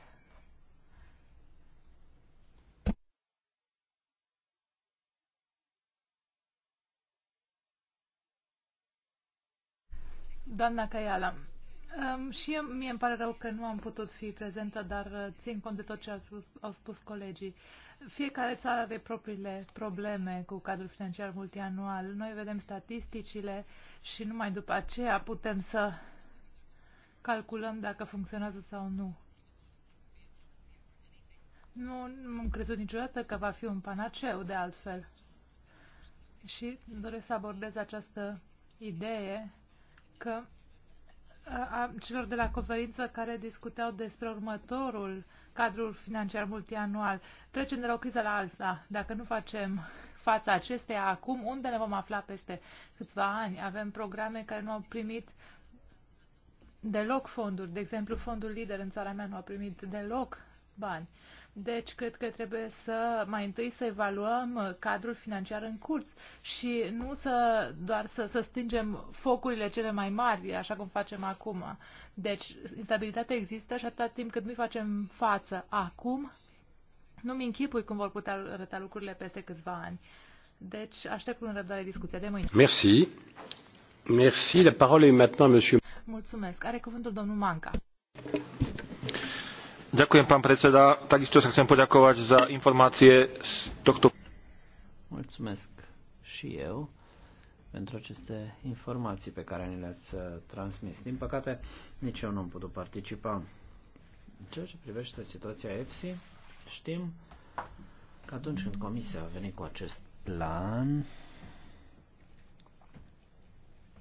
Doamna Caiala, Um, și eu, mie îmi pare rău că nu am putut fi prezentă, dar uh, țin cont de tot ce au spus, au spus colegii. Fiecare țară are propriile probleme cu cadrul financiar multianual. Noi vedem statisticile și numai după aceea putem să calculăm dacă funcționează sau nu. Nu, nu am crezut niciodată că va fi un panaceu de altfel. Și doresc să abordez această idee că a celor de la conferință care discutau despre următorul cadrul financiar multianual. Trecem de la o criză la alta. Dacă nu facem fața acesteia acum, unde ne vom afla peste câțiva ani? Avem programe care nu au primit deloc fonduri. De exemplu, fondul lider în țara mea nu a primit deloc bani. Deci, cred că trebuie să mai întâi să evaluăm uh, cadrul financiar în curs și nu să doar să, să stingem focurile cele mai mari, așa cum facem acum. Deci, instabilitatea există și atâta timp cât nu-i facem față acum, nu-mi închipui cum vor putea arăta lucrurile peste câțiva ani. Deci, aștept cu răbdare discuția de mâine. Merci. Merci. La parole est maintenant, monsieur. Mulțumesc. Are cuvântul domnul Manca. Ďakujem, pán predseda. Takisto sa chcem poďakovať za informácie z tohto... Mulțumesc și eu pentru aceste informații pe care ni le-ați uh, transmis. Din păcate, nici eu nu am putut participa. În ceea ce privește situația EFSI, știm că atunci când Comisia a venit cu acest plan,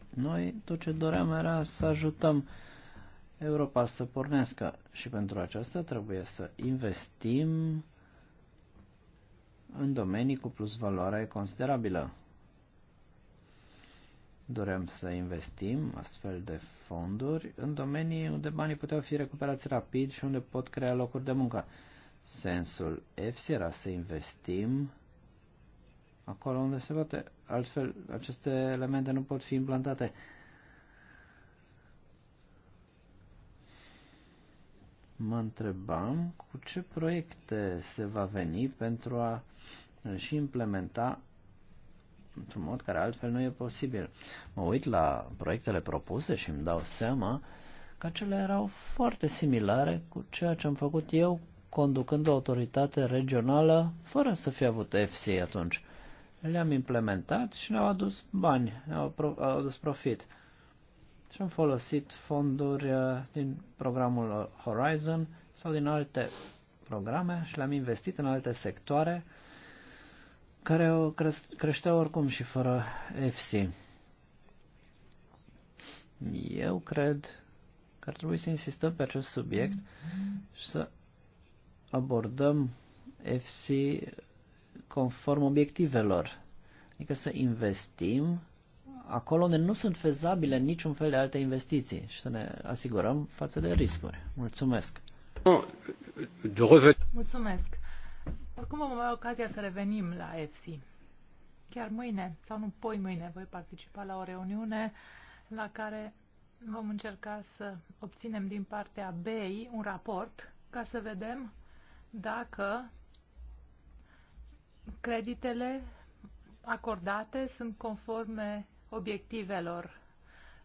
noi tot ce doream era să ajutăm uh, Europa să pornească și pentru aceasta trebuie să investim în domenii cu plus valoare considerabilă. Dorem să investim astfel de fonduri în domenii unde banii puteau fi recuperați rapid și unde pot crea locuri de muncă. Sensul EFSI era să investim acolo unde se poate. Altfel, aceste elemente nu pot fi implantate. mă întrebam cu ce proiecte se va veni pentru a și implementa într-un mod care altfel nu e posibil. Mă uit la proiectele propuse și îmi dau seama că acele erau foarte similare cu ceea ce am făcut eu conducând o autoritate regională fără să fi avut FC atunci. Le-am implementat și ne-au adus bani, ne-au adus profit și am folosit fonduri uh, din programul uh, Horizon sau din alte programe și le-am investit în alte sectoare care o creșteau oricum și fără FC. Eu cred că ar trebui să insistăm pe acest subiect și să abordăm FC conform obiectivelor. Adică să investim acolo unde nu sunt fezabile niciun fel de alte investiții și să ne asigurăm față de riscuri. Mulțumesc! Mulțumesc! Oricum vom avea ocazia să revenim la EFSI. Chiar mâine, sau nu poi mâine, voi participa la o reuniune la care vom încerca să obținem din partea BEI un raport ca să vedem dacă creditele acordate sunt conforme obiectivelor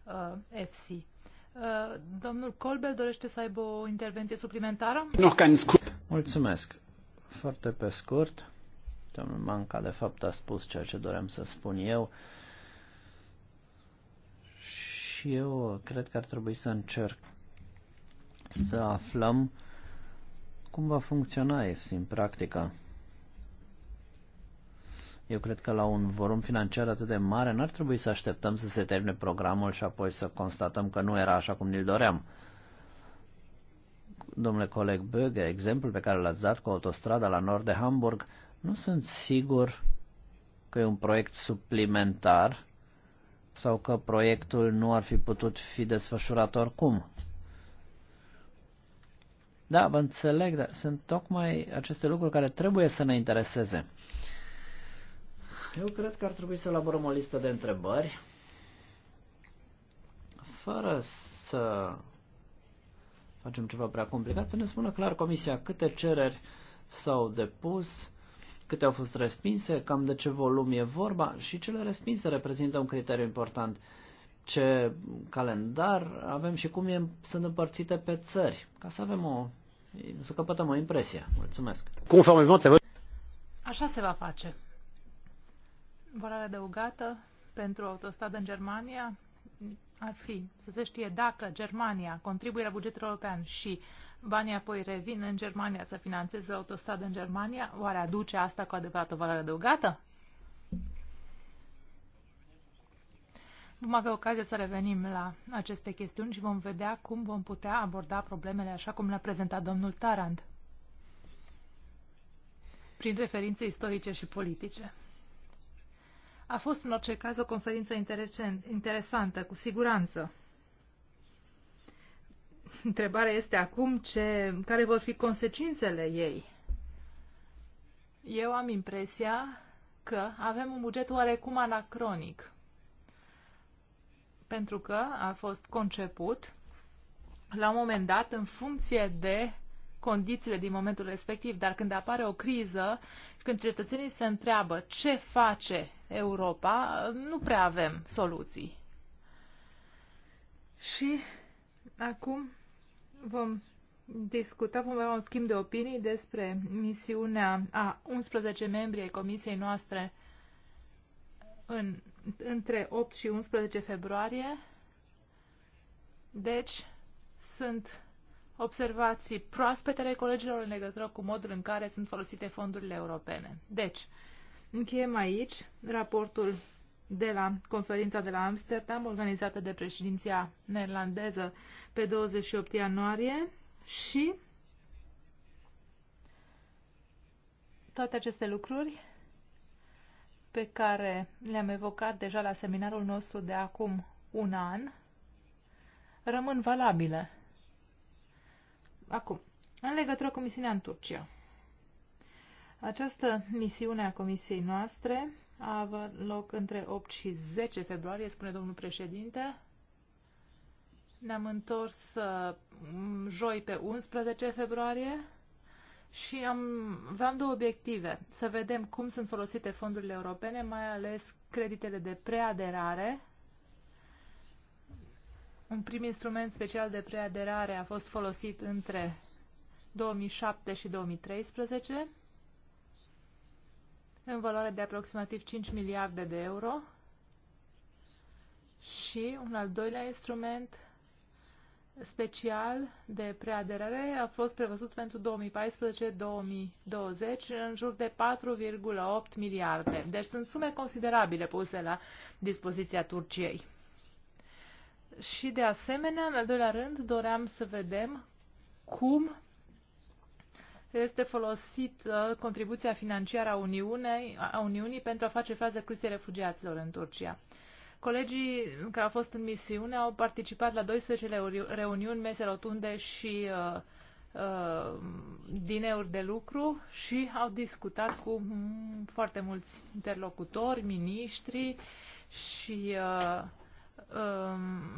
uh, EFSI. Uh, domnul Colbel dorește să aibă o intervenție suplimentară? Mulțumesc. Foarte pe scurt, domnul Manca de fapt a spus ceea ce doream să spun eu și eu cred că ar trebui să încerc să aflăm cum va funcționa EFSI în practică. Eu cred că la un volum financiar atât de mare n-ar trebui să așteptăm să se termine programul și apoi să constatăm că nu era așa cum ne-l doream. Domnule coleg Böge, exemplul pe care l-ați dat cu autostrada la nord de Hamburg, nu sunt sigur că e un proiect suplimentar sau că proiectul nu ar fi putut fi desfășurat oricum. Da, vă înțeleg, dar sunt tocmai aceste lucruri care trebuie să ne intereseze. Eu cred că ar trebui să elaborăm o listă de întrebări fără să facem ceva prea complicat, să ne spună clar comisia câte cereri s-au depus, câte au fost respinse, cam de ce volum e vorba și cele respinse reprezintă un criteriu important. Ce calendar avem și cum e, sunt împărțite pe țări, ca să avem o, să căpătăm o impresie. Mulțumesc. Conform Așa se va face valoare adăugată pentru autostradă în Germania ar fi să se știe dacă Germania contribuie la bugetul european și banii apoi revin în Germania să financeze autostradă în Germania, oare aduce asta cu adevărat o valoare adăugată? Vom avea ocazia să revenim la aceste chestiuni și vom vedea cum vom putea aborda problemele așa cum le-a prezentat domnul Tarand, prin referințe istorice și politice. A fost în orice caz o conferință interesantă, cu siguranță. Întrebarea este acum ce, care vor fi consecințele ei. Eu am impresia că avem un buget oarecum anacronic, pentru că a fost conceput la un moment dat în funcție de condițiile din momentul respectiv, dar când apare o criză, când cetățenii se întreabă ce face Europa, nu prea avem soluții. Și acum vom discuta, vom avea un schimb de opinii despre misiunea a 11 membri ai comisiei noastre în, între 8 și 11 februarie. Deci, sunt observații proaspete ale colegilor în legătură cu modul în care sunt folosite fondurile europene. Deci, Încheiem aici raportul de la conferința de la Amsterdam, organizată de președinția neerlandeză pe 28 ianuarie și toate aceste lucruri pe care le-am evocat deja la seminarul nostru de acum un an rămân valabile. Acum, în legătură cu misiunea în Turcia. Această misiune a comisiei noastre a avut loc între 8 și 10 februarie, spune domnul președinte. Ne-am întors mm, joi pe 11 februarie și am, aveam două obiective. Să vedem cum sunt folosite fondurile europene, mai ales creditele de preaderare. Un prim instrument special de preaderare a fost folosit între 2007 și 2013 în valoare de aproximativ 5 miliarde de euro și un al doilea instrument special de preaderare a fost prevăzut pentru 2014-2020 în jur de 4,8 miliarde. Deci sunt sume considerabile puse la dispoziția Turciei. Și de asemenea, în al doilea rând, doream să vedem cum este folosit contribuția financiară a Uniunii, a Uniunii pentru a face față crizei refugiaților în Turcia. Colegii care au fost în misiune au participat la 12 reuniuni, mese rotunde și uh, uh, dineuri de lucru și au discutat cu foarte mulți interlocutori, miniștri și uh, uh,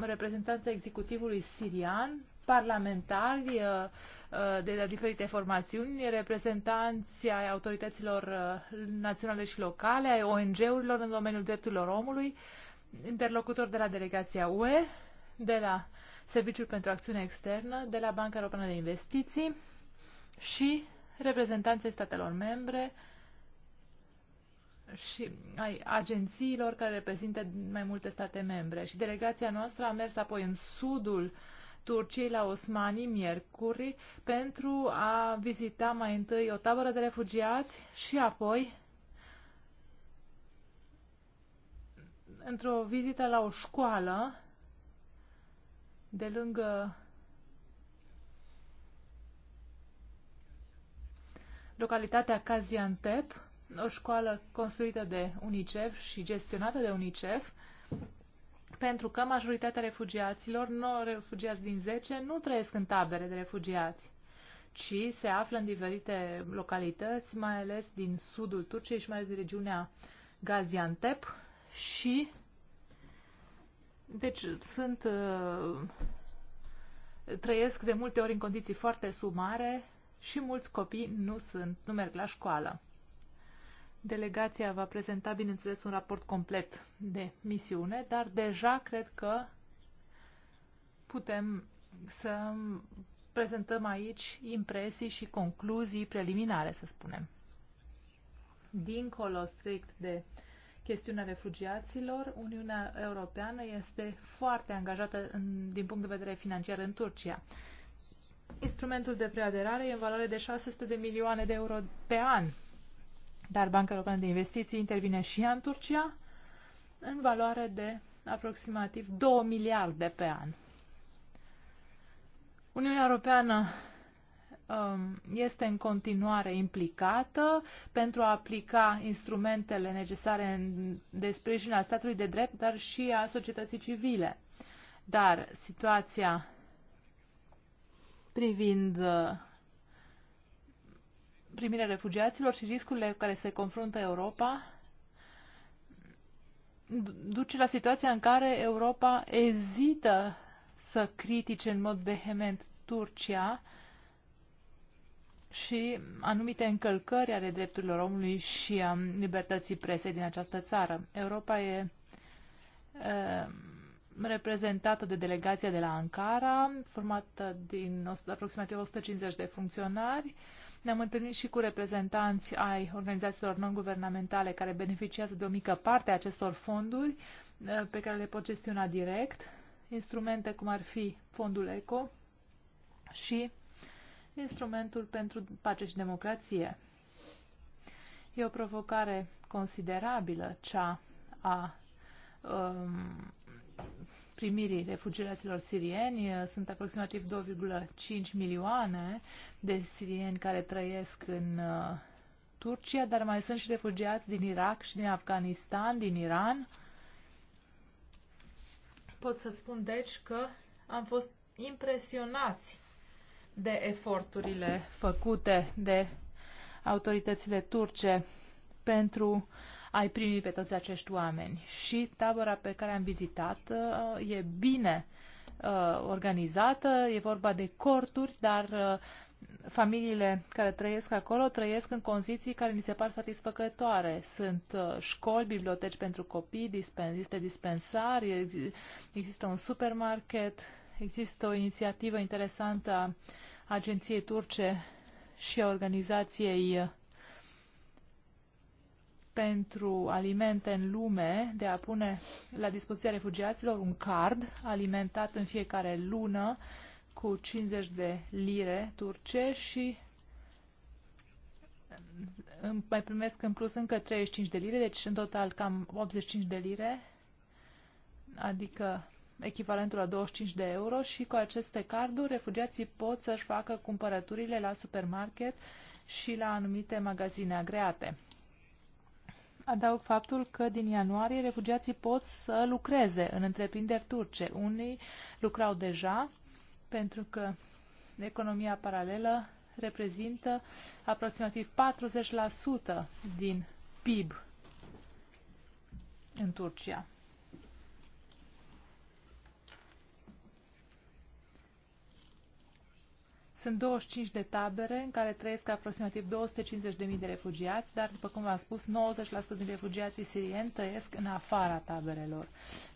reprezentanța executivului sirian parlamentari uh, uh, de la diferite formațiuni, reprezentanți ai autorităților uh, naționale și locale, ai ONG-urilor în domeniul drepturilor omului, interlocutori de la delegația UE, de la Serviciul pentru Acțiune Externă, de la Banca Europeană de Investiții și reprezentanții statelor membre și ai agențiilor care reprezintă mai multe state membre. Și delegația noastră a mers apoi în sudul uh, Turcii la Osmani miercuri pentru a vizita mai întâi o tabără de refugiați și apoi într-o vizită la o școală de lângă localitatea Kaziantep, o școală construită de UNICEF și gestionată de UNICEF, pentru că majoritatea refugiaților, nu refugiați din 10, nu trăiesc în tabere de refugiați, ci se află în diferite localități, mai ales din sudul Turciei și mai ales din regiunea Gaziantep și deci sunt uh, trăiesc de multe ori în condiții foarte sumare și mulți copii nu sunt, nu merg la școală. Delegația va prezenta, bineînțeles, un raport complet de misiune, dar deja cred că putem să prezentăm aici impresii și concluzii preliminare, să spunem. Dincolo strict de chestiunea refugiaților, Uniunea Europeană este foarte angajată în, din punct de vedere financiar în Turcia. Instrumentul de preaderare e în valoare de 600 de milioane de euro pe an dar Banca Europeană de Investiții intervine și ea în Turcia în valoare de aproximativ 2 miliarde pe an. Uniunea Europeană um, este în continuare implicată pentru a aplica instrumentele necesare de sprijin al statului de drept, dar și a societății civile. Dar situația privind uh, primirea refugiaților și riscurile cu care se confruntă Europa duce la situația în care Europa ezită să critique în mod vehement Turcia și anumite încălcări ale drepturilor omului și a libertății presei din această țară. Europa e, e uh, reprezentată de delegația de la Ankara, formată din aproximativ 150 de funcționari, ne-am întâlnit și cu reprezentanți ai organizațiilor non-guvernamentale care beneficiază de o mică parte a acestor fonduri eh, pe care le pot gestiona direct, instrumente cum ar fi fondul ECO și instrumentul pentru pace și democrație. E o provocare considerabilă cea a um, primirii refugiaților sirieni. Uh, sunt aproximativ 2,5 milioane de sirieni care trăiesc în uh, Turcia, dar mai sunt și refugiați din Irak și din Afganistan, din Iran. Pot să spun deci că am fost impresionați de eforturile făcute de autoritățile turce pentru uh, ai primi pe toți acești oameni. Și tabăra pe care am vizitat uh, e bine uh, organizată, e vorba de corturi, dar uh, familiile care trăiesc acolo trăiesc în condiții care ni se par satisfăcătoare. Sunt școli, biblioteci pentru copii, dispens, dispensari, există un supermarket, există o inițiativă interesantă a agenției turce și a organizației pentru alimente în lume de a pune la dispoziția refugiaților un card alimentat în fiecare lună cu 50 de lire turce și mai primesc în plus încă 35 de lire, deci în total cam 85 de lire, adică echivalentul la 25 de euro și cu aceste carduri refugiații pot să-și facă cumpărăturile la supermarket și la anumite magazine agreate adaug faptul că din ianuarie refugiații pot să lucreze în întreprinderi turce. Unii lucrau deja pentru că economia paralelă reprezintă aproximativ 40% din PIB în Turcia. Sunt 25 de tabere în care trăiesc aproximativ 250.000 de refugiați, dar, după cum v-am spus, 90% din refugiații sirieni trăiesc în afara taberelor,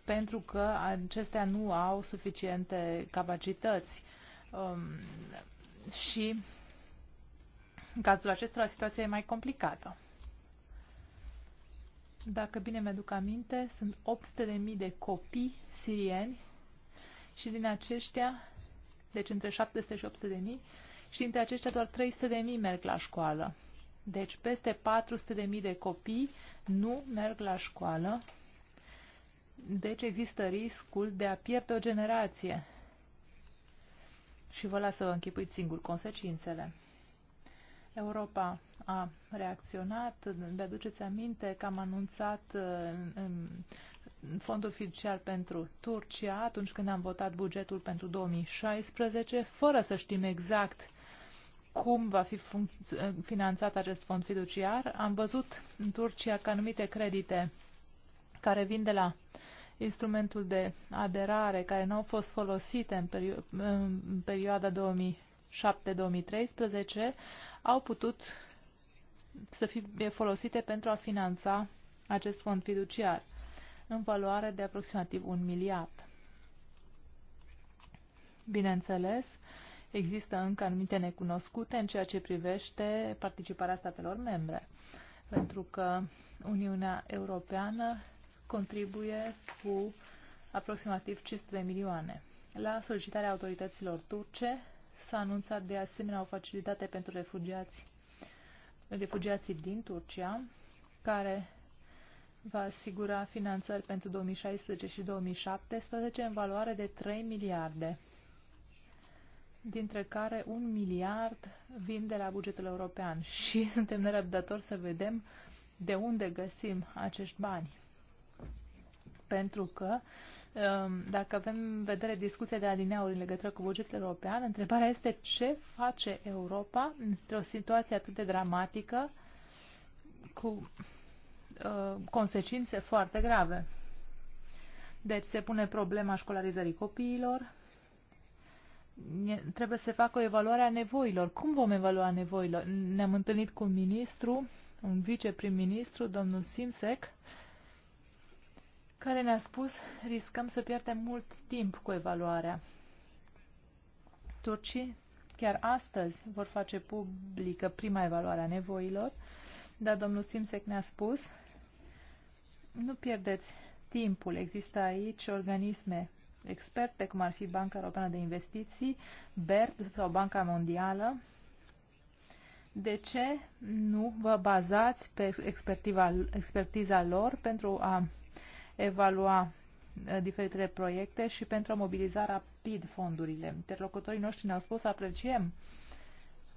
pentru că acestea nu au suficiente capacități. Um, și, în cazul acestora, situația e mai complicată. Dacă bine mi-aduc aminte, sunt 800.000 de copii sirieni și din aceștia deci între 700 și 800 de mii, și dintre aceștia doar 300 de mii merg la școală. Deci peste 400 de mii de copii nu merg la școală, deci există riscul de a pierde o generație. Și vă las să vă închipuiți singur consecințele. Europa a reacționat. De aduceți aminte că am anunțat uh, în fondul fiduciar pentru Turcia atunci când am votat bugetul pentru 2016, fără să știm exact cum va fi finanțat acest fond fiduciar. Am văzut în Turcia că anumite credite care vin de la instrumentul de aderare, care nu au fost folosite în, perio în perioada 2007-2013, au putut să fie folosite pentru a finanța acest fond fiduciar în valoare de aproximativ un miliard. Bineînțeles, există încă anumite necunoscute în ceea ce privește participarea statelor membre, pentru că Uniunea Europeană contribuie cu aproximativ 500 de milioane. La solicitarea autorităților turce s-a anunțat de asemenea o facilitate pentru refugiați, refugiații din Turcia, care va asigura finanțări pentru 2016 și 2017 în valoare de 3 miliarde, dintre care 1 miliard vin de la bugetul european și suntem nerăbdători să vedem de unde găsim acești bani. Pentru că um, dacă avem în vedere discuția de adineauri în legătură cu bugetul european, întrebarea este ce face Europa într-o situație atât de dramatică cu Uh, consecințe foarte grave. Deci se pune problema școlarizării copiilor. Trebuie să se facă o evaluare a nevoilor. Cum vom evalua nevoilor? Ne-am întâlnit cu un ministru, un viceprim-ministru, domnul Simsec, care ne-a spus riscăm să pierdem mult timp cu evaluarea. Turcii chiar astăzi vor face publică prima evaluare a nevoilor, dar domnul Simsec ne-a spus nu pierdeți timpul. Există aici organisme experte, cum ar fi Banca Europeană de Investiții, BERD sau Banca Mondială. De ce nu vă bazați pe expertiza lor pentru a evalua eh, diferitele proiecte și pentru a mobiliza rapid fondurile? Interlocutorii noștri ne-au spus, să apreciem uh,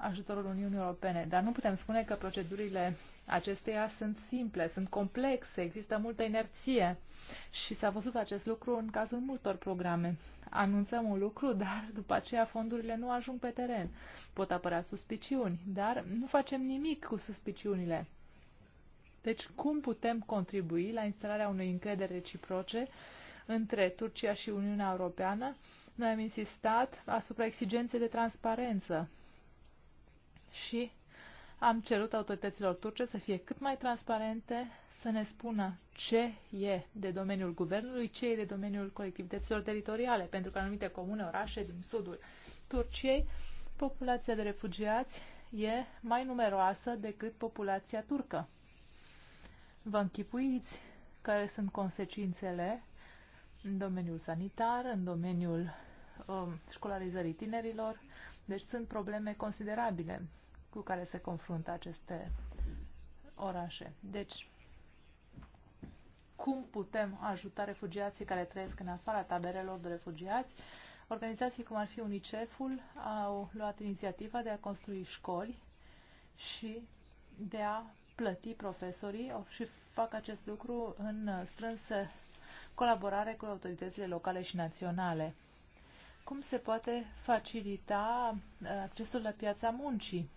ajutorul Uniunii Europene. Dar nu putem spune că procedurile acesteia sunt simple, sunt complexe, există multă inerție și s-a văzut acest lucru în cazul multor programe. Anunțăm un lucru, dar după aceea fondurile nu ajung pe teren. Pot apărea suspiciuni, dar nu facem nimic cu suspiciunile. Deci cum putem contribui la instalarea unei încredere reciproce între Turcia și Uniunea Europeană? Noi am insistat asupra exigenței de transparență și am cerut autorităților turce să fie cât mai transparente, să ne spună ce e de domeniul guvernului, ce e de domeniul colectivităților teritoriale, pentru că anumite comune, orașe din sudul Turciei, populația de refugiați e mai numeroasă decât populația turcă. Vă închipuiți care sunt consecințele în domeniul sanitar, în domeniul um, școlarizării tinerilor, deci sunt probleme considerabile cu care se confruntă aceste orașe. Deci, cum putem ajuta refugiații care trăiesc în afara taberelor de refugiați? Organizații cum ar fi UNICEF-ul au luat inițiativa de a construi școli și de a plăti profesorii și fac acest lucru în strânsă colaborare cu autoritățile locale și naționale cum se poate facilita uh, accesul la piața muncii,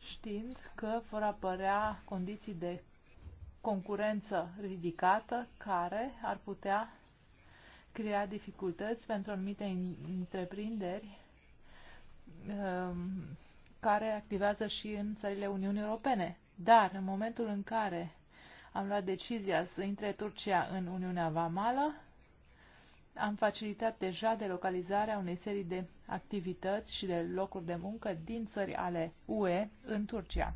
știind că vor apărea condiții de concurență ridicată care ar putea crea dificultăți pentru anumite întreprinderi um, care activează și în țările Uniunii Europene. Dar în momentul în care am luat decizia să intre Turcia în Uniunea Vamală, am facilitat deja de localizarea unei serii de activități și de locuri de muncă din țări ale UE în Turcia.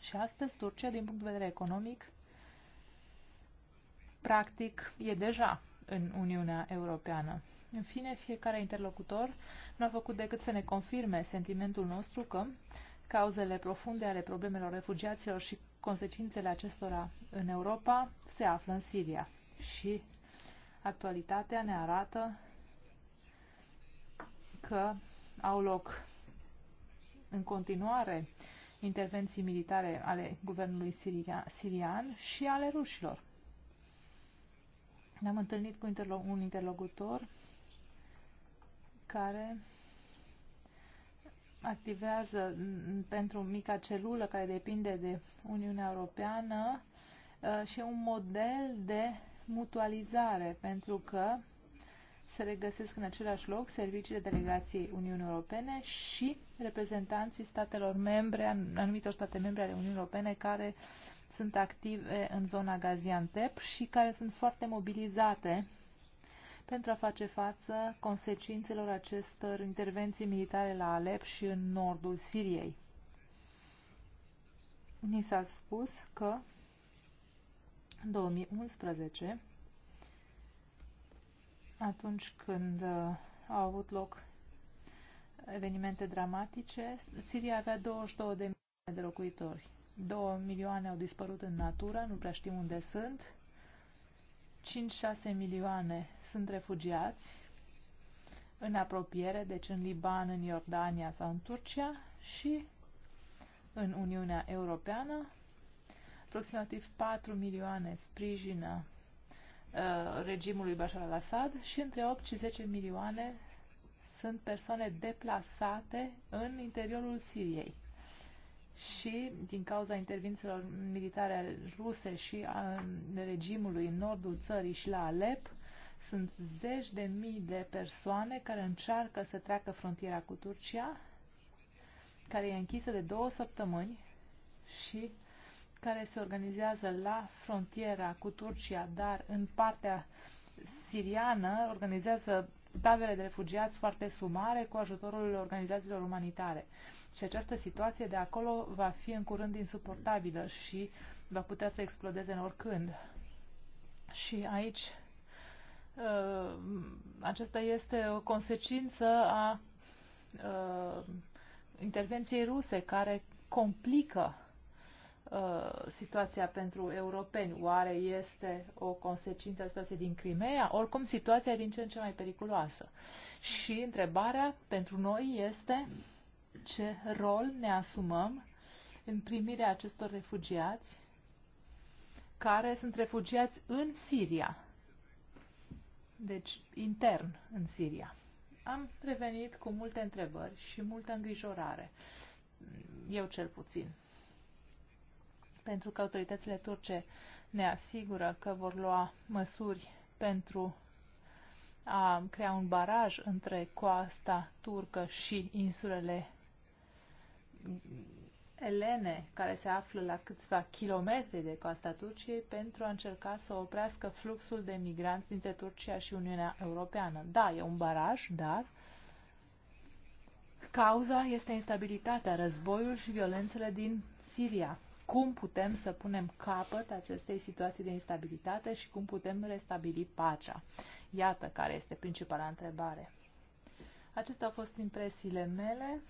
Și astăzi Turcia, din punct de vedere economic, practic e deja în Uniunea Europeană. În fine, fiecare interlocutor nu a făcut decât să ne confirme sentimentul nostru că cauzele profunde ale problemelor refugiaților și consecințele acestora în Europa se află în Siria. Și Actualitatea ne arată că au loc în continuare intervenții militare ale guvernului siria, sirian și ale rușilor. Ne-am întâlnit cu interlo un interlocutor care activează pentru mica celulă care depinde de Uniunea Europeană uh, și un model de mutualizare, pentru că se regăsesc în același loc serviciile delegației Uniunii Europene și reprezentanții statelor membre, anumitor state membre ale Uniunii Europene care sunt active în zona Gaziantep și care sunt foarte mobilizate pentru a face față consecințelor acestor intervenții militare la Alep și în nordul Siriei. Ni s-a spus că în 2011, atunci când uh, au avut loc evenimente dramatice, Siria avea 22 de milioane de locuitori. 2 milioane au dispărut în natură, nu prea știm unde sunt. 5-6 milioane sunt refugiați în apropiere, deci în Liban, în Iordania sau în Turcia și în Uniunea Europeană aproximativ 4 milioane sprijină uh, regimul lui Bashar al-Assad și între 8 și 10 milioane sunt persoane deplasate în interiorul Siriei. Și din cauza intervențiilor militare ruse și a regimului în nordul țării și la Alep, sunt zeci de mii de persoane care încearcă să treacă frontiera cu Turcia, care e închisă de două săptămâni și care se organizează la frontiera cu Turcia, dar în partea siriană organizează tabere de refugiați foarte sumare cu ajutorul organizațiilor umanitare. Și această situație de acolo va fi în curând insuportabilă și va putea să explodeze în oricând. Și aici uh, aceasta este o consecință a uh, intervenției ruse care complică Uh, situația pentru europeni. Oare este o consecință a situației din Crimea? Oricum, situația e din ce în ce mai periculoasă. Și întrebarea pentru noi este ce rol ne asumăm în primirea acestor refugiați care sunt refugiați în Siria. Deci, intern în Siria. Am revenit cu multe întrebări și multă îngrijorare. Eu cel puțin pentru că autoritățile turce ne asigură că vor lua măsuri pentru a crea un baraj între coasta turcă și insulele elene, care se află la câțiva kilometri de coasta Turciei, pentru a încerca să oprească fluxul de migranți dintre Turcia și Uniunea Europeană. Da, e un baraj, dar cauza este instabilitatea, războiul și violențele din Siria cum putem să punem capăt acestei situații de instabilitate și cum putem restabili pacea. Iată care este principala întrebare. Acestea au fost impresiile mele.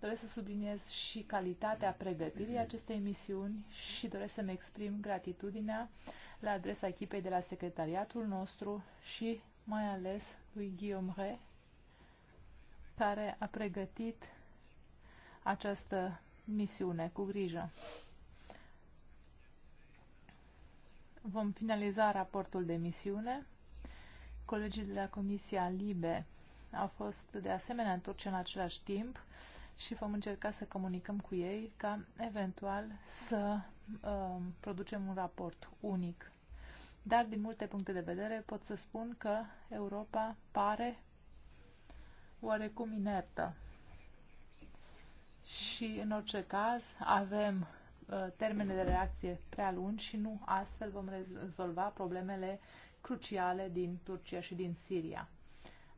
Doresc să subliniez și calitatea pregătirii acestei misiuni și doresc să-mi exprim gratitudinea la adresa echipei de la secretariatul nostru și mai ales lui Guillaume Re, care a pregătit această misiune cu grijă. Vom finaliza raportul de misiune. Colegii de la Comisia LIBE au fost de asemenea în Turcia în același timp și vom încerca să comunicăm cu ei ca eventual să uh, producem un raport unic. Dar din multe puncte de vedere pot să spun că Europa pare oarecum inertă și, în orice caz, avem uh, termene de reacție prea lungi și nu astfel vom rezolva problemele cruciale din Turcia și din Siria.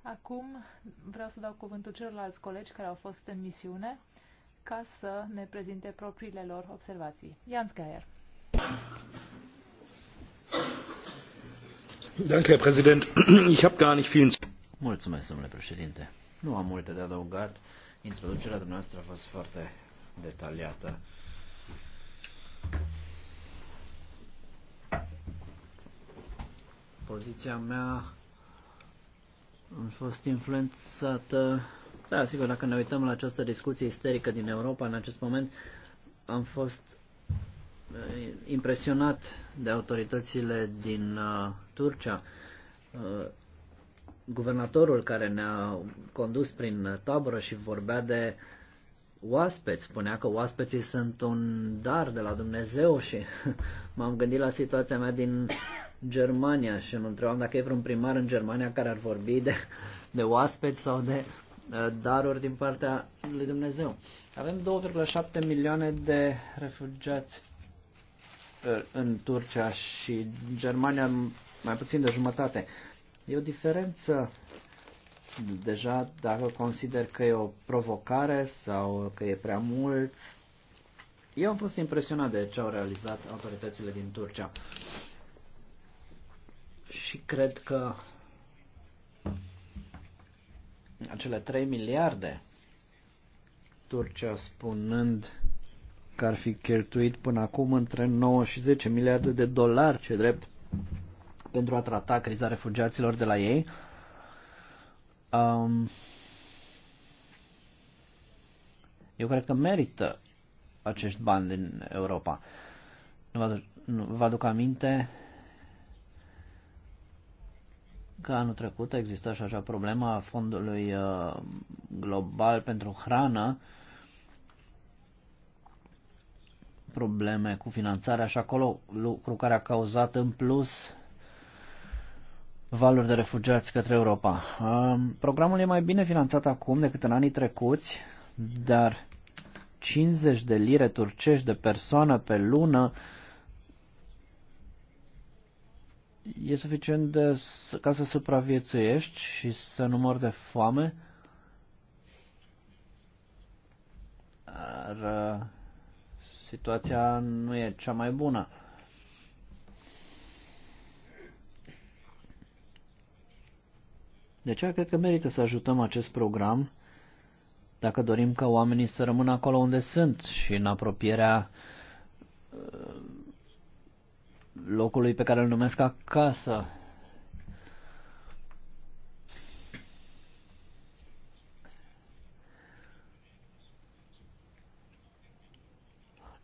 Acum vreau să dau cuvântul celorlalți colegi care au fost în misiune ca să ne prezinte propriile lor observații. Jans Geier. Danke, Herr Präsident. Ich habe gar nicht viel. Mulțumesc, domnule președinte. Nu am multe de adăugat. Uh, Introducerea dumneavoastră a fost foarte detaliată. Poziția mea a fost influențată. Da, sigur, dacă ne uităm la această discuție isterică din Europa în acest moment, am fost eh, impresionat de autoritățile din uh, Turcia. Uh, guvernatorul care ne-a condus prin tabără și vorbea de oaspeți, spunea că oaspeții sunt un dar de la Dumnezeu și m-am gândit la situația mea din Germania și îmi întrebam dacă e vreun primar în Germania care ar vorbi de, de oaspeți sau de uh, daruri din partea lui Dumnezeu. Avem 2,7 milioane de refugiați uh, în Turcia și Germania mai puțin de jumătate. E o diferență deja dacă consider că e o provocare sau că e prea mult. Eu am fost impresionat de ce au realizat autoritățile din Turcia. Și cred că acele 3 miliarde Turcia spunând că ar fi cheltuit până acum între 9 și 10 miliarde de dolari, ce drept pentru a trata criza refugiaților de la ei. Um, eu cred că merită acești bani din Europa. Nu vă aduc, nu, vă aduc aminte că anul trecut exista și așa problema fondului uh, global pentru hrană, probleme cu finanțarea și acolo lucru care a cauzat în plus valuri de refugiați către Europa. Programul e mai bine finanțat acum decât în anii trecuți, dar 50 de lire turcești de persoană pe lună e suficient de, ca să supraviețuiești și să nu mor de foame. Dar uh, situația nu e cea mai bună. De aceea cred că merită să ajutăm acest program dacă dorim ca oamenii să rămână acolo unde sunt și în apropierea uh, locului pe care îl numesc acasă.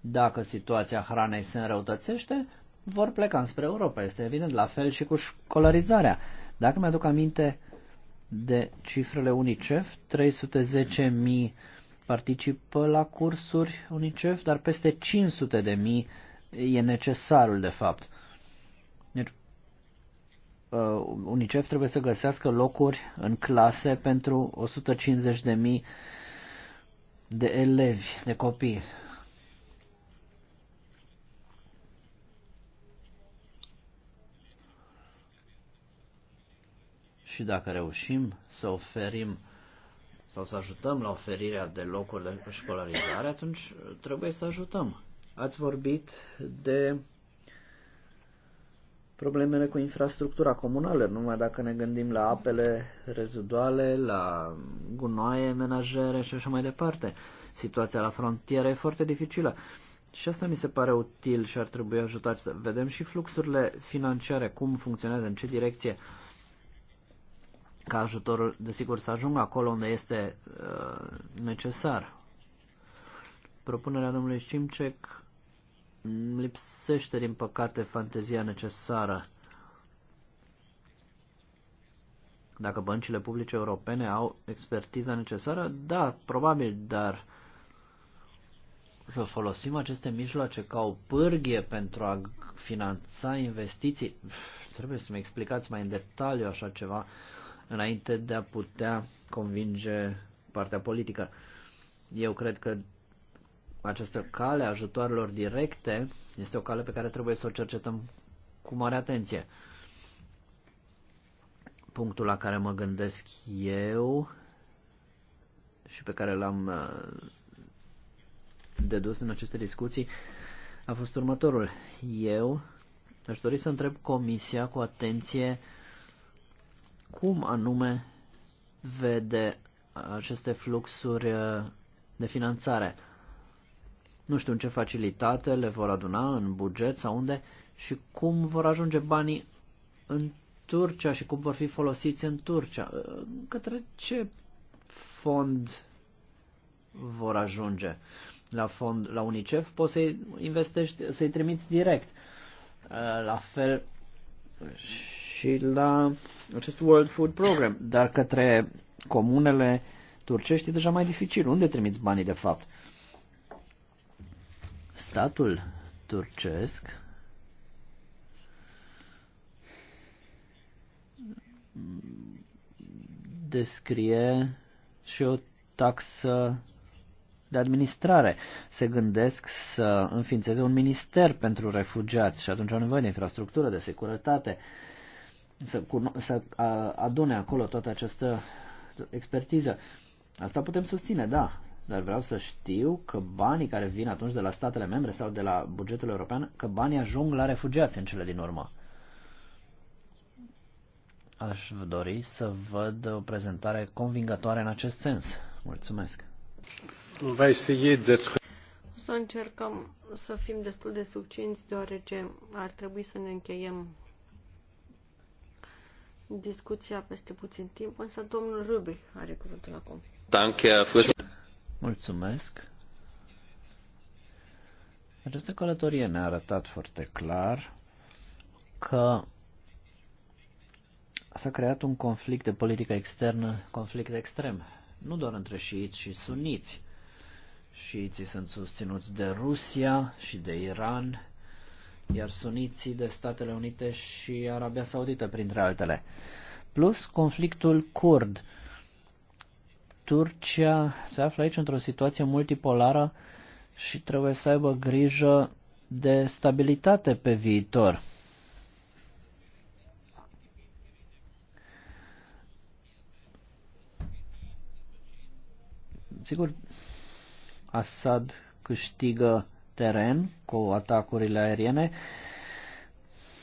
Dacă situația hranei se înrăutățește, vor pleca spre Europa. Este evident, la fel și cu școlarizarea. Dacă mi-aduc aminte, de cifrele UNICEF, 310.000 participă la cursuri UNICEF, dar peste 500.000 e necesarul de fapt. Deci, uh, UNICEF trebuie să găsească locuri în clase pentru 150.000 de elevi, de copii. și dacă reușim să oferim sau să ajutăm la oferirea de locuri de școlarizare, atunci trebuie să ajutăm. Ați vorbit de problemele cu infrastructura comunală, numai dacă ne gândim la apele reziduale, la gunoaie menajere și așa mai departe. Situația la frontieră e foarte dificilă. Și asta mi se pare util și ar trebui ajutat să vedem și fluxurile financiare, cum funcționează, în ce direcție uh, ca ajutorul, desigur, să ajungă acolo unde este uh, necesar. Propunerea domnului Cimcec lipsește, din păcate, fantezia necesară. Dacă băncile publice europene au expertiza necesară, da, probabil, dar să folosim aceste mijloace ca o pârghie pentru a finanța investiții, trebuie să-mi explicați mai în detaliu așa ceva. Uh, înainte de a putea convinge partea politică. Eu cred că această cale a ajutoarelor directe este o cale pe care trebuie să o cercetăm cu mare atenție. Punctul la care mă gândesc eu și pe care l-am uh, dedus în aceste discuții a fost următorul. Eu aș dori să întreb Comisia cu atenție cum anume vede aceste fluxuri eh, de finanțare. Nu știu în ce facilitate le vor aduna, în buget sau unde, și cum vor ajunge banii în Turcia și cum vor fi folosiți în Turcia. Eh, către ce fond vor ajunge? La fond, la UNICEF poți să-i investești, să-i trimiți direct. Eh, la fel și la acest World Food Program, dar către comunele turcești e deja mai dificil. Unde trimiți banii, de fapt? Statul turcesc descrie și o taxă de administrare. Se gândesc să înființeze un minister pentru refugiați și atunci au nevoie de infrastructură, de securitate. Uh, să, să adune acolo toată această expertiză. Asta putem susține, da, dar vreau să știu că banii care vin atunci de la statele membre sau de la bugetul european, că banii ajung la refugiați în cele din urmă. Aș dori să văd o prezentare convingătoare în acest sens. Mulțumesc. O să încercăm să fim destul de succinți, deoarece ar trebui să ne încheiem discuția peste puțin timp, însă domnul Rubic are cuvântul acum. Mulțumesc. Această călătorie ne-a arătat foarte clar că s-a creat un conflict de politică externă, conflict extrem, nu doar între șiiți și suniți. Șiiții sunt susținuți de Rusia și de Iran iar suniții de Statele Unite și Arabia Saudită, printre altele. Plus conflictul kurd. Turcia se află aici într-o situație multipolară și trebuie să aibă grijă de stabilitate pe viitor. Sigur, Assad câștigă teren cu atacurile aeriene,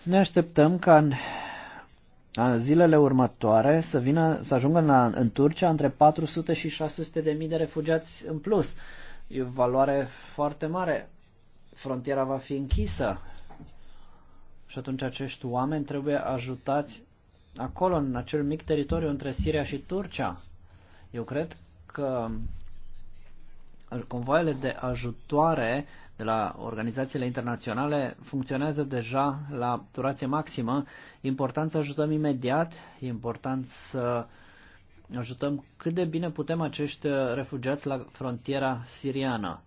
ne așteptăm ca în zilele următoare să, vină, să ajungă în, în Turcia între 400 și 600 de mii de refugiați în plus. E o valoare foarte mare. Frontiera va fi închisă. Și atunci acești oameni trebuie ajutați acolo, în acel mic teritoriu între Siria și Turcia. Eu cred că convoaiele de ajutoare de la organizațiile internaționale funcționează deja la durație maximă. E important să ajutăm imediat, e important să ajutăm cât de bine putem acești refugiați la frontiera siriană.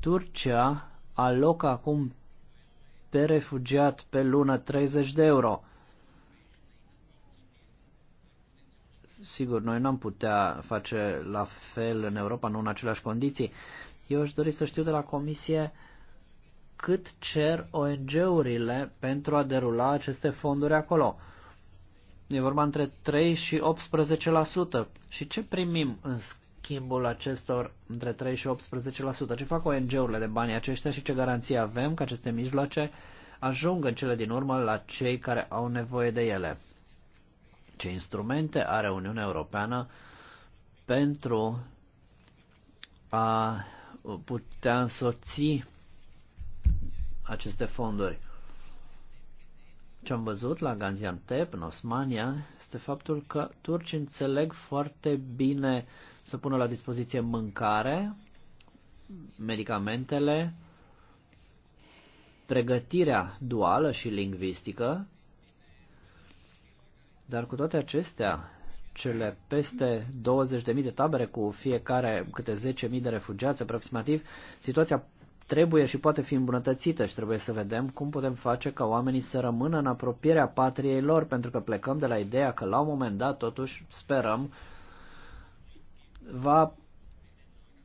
Turcia alocă acum pe refugiat pe lună 30 de euro. Sigur, noi nu am putea face la fel în Europa, nu în aceleași condiții. Eu aș dori să știu de la Comisie cât cer ONG-urile pentru a derula aceste fonduri acolo. E vorba între 3 și 18%. Și ce primim în schimbul acestor între 3 și 18%? Ce fac ONG-urile de banii aceștia și ce garanții avem că aceste mijloace ajung în cele din urmă la cei care au nevoie de ele? Ce instrumente are Uniunea Europeană pentru a putea însoți aceste fonduri? Ce am văzut la Gaziantep, în Osmania, este faptul că turcii înțeleg foarte bine să pună la dispoziție mâncare, medicamentele, pregătirea duală și lingvistică dar cu toate acestea, cele peste 20.000 de tabere cu fiecare câte 10.000 de refugiați aproximativ, situația trebuie și poate fi îmbunătățită și trebuie să vedem cum putem face ca oamenii să rămână în apropierea patriei lor, pentru că plecăm de la ideea că la un moment dat, totuși, sperăm, va,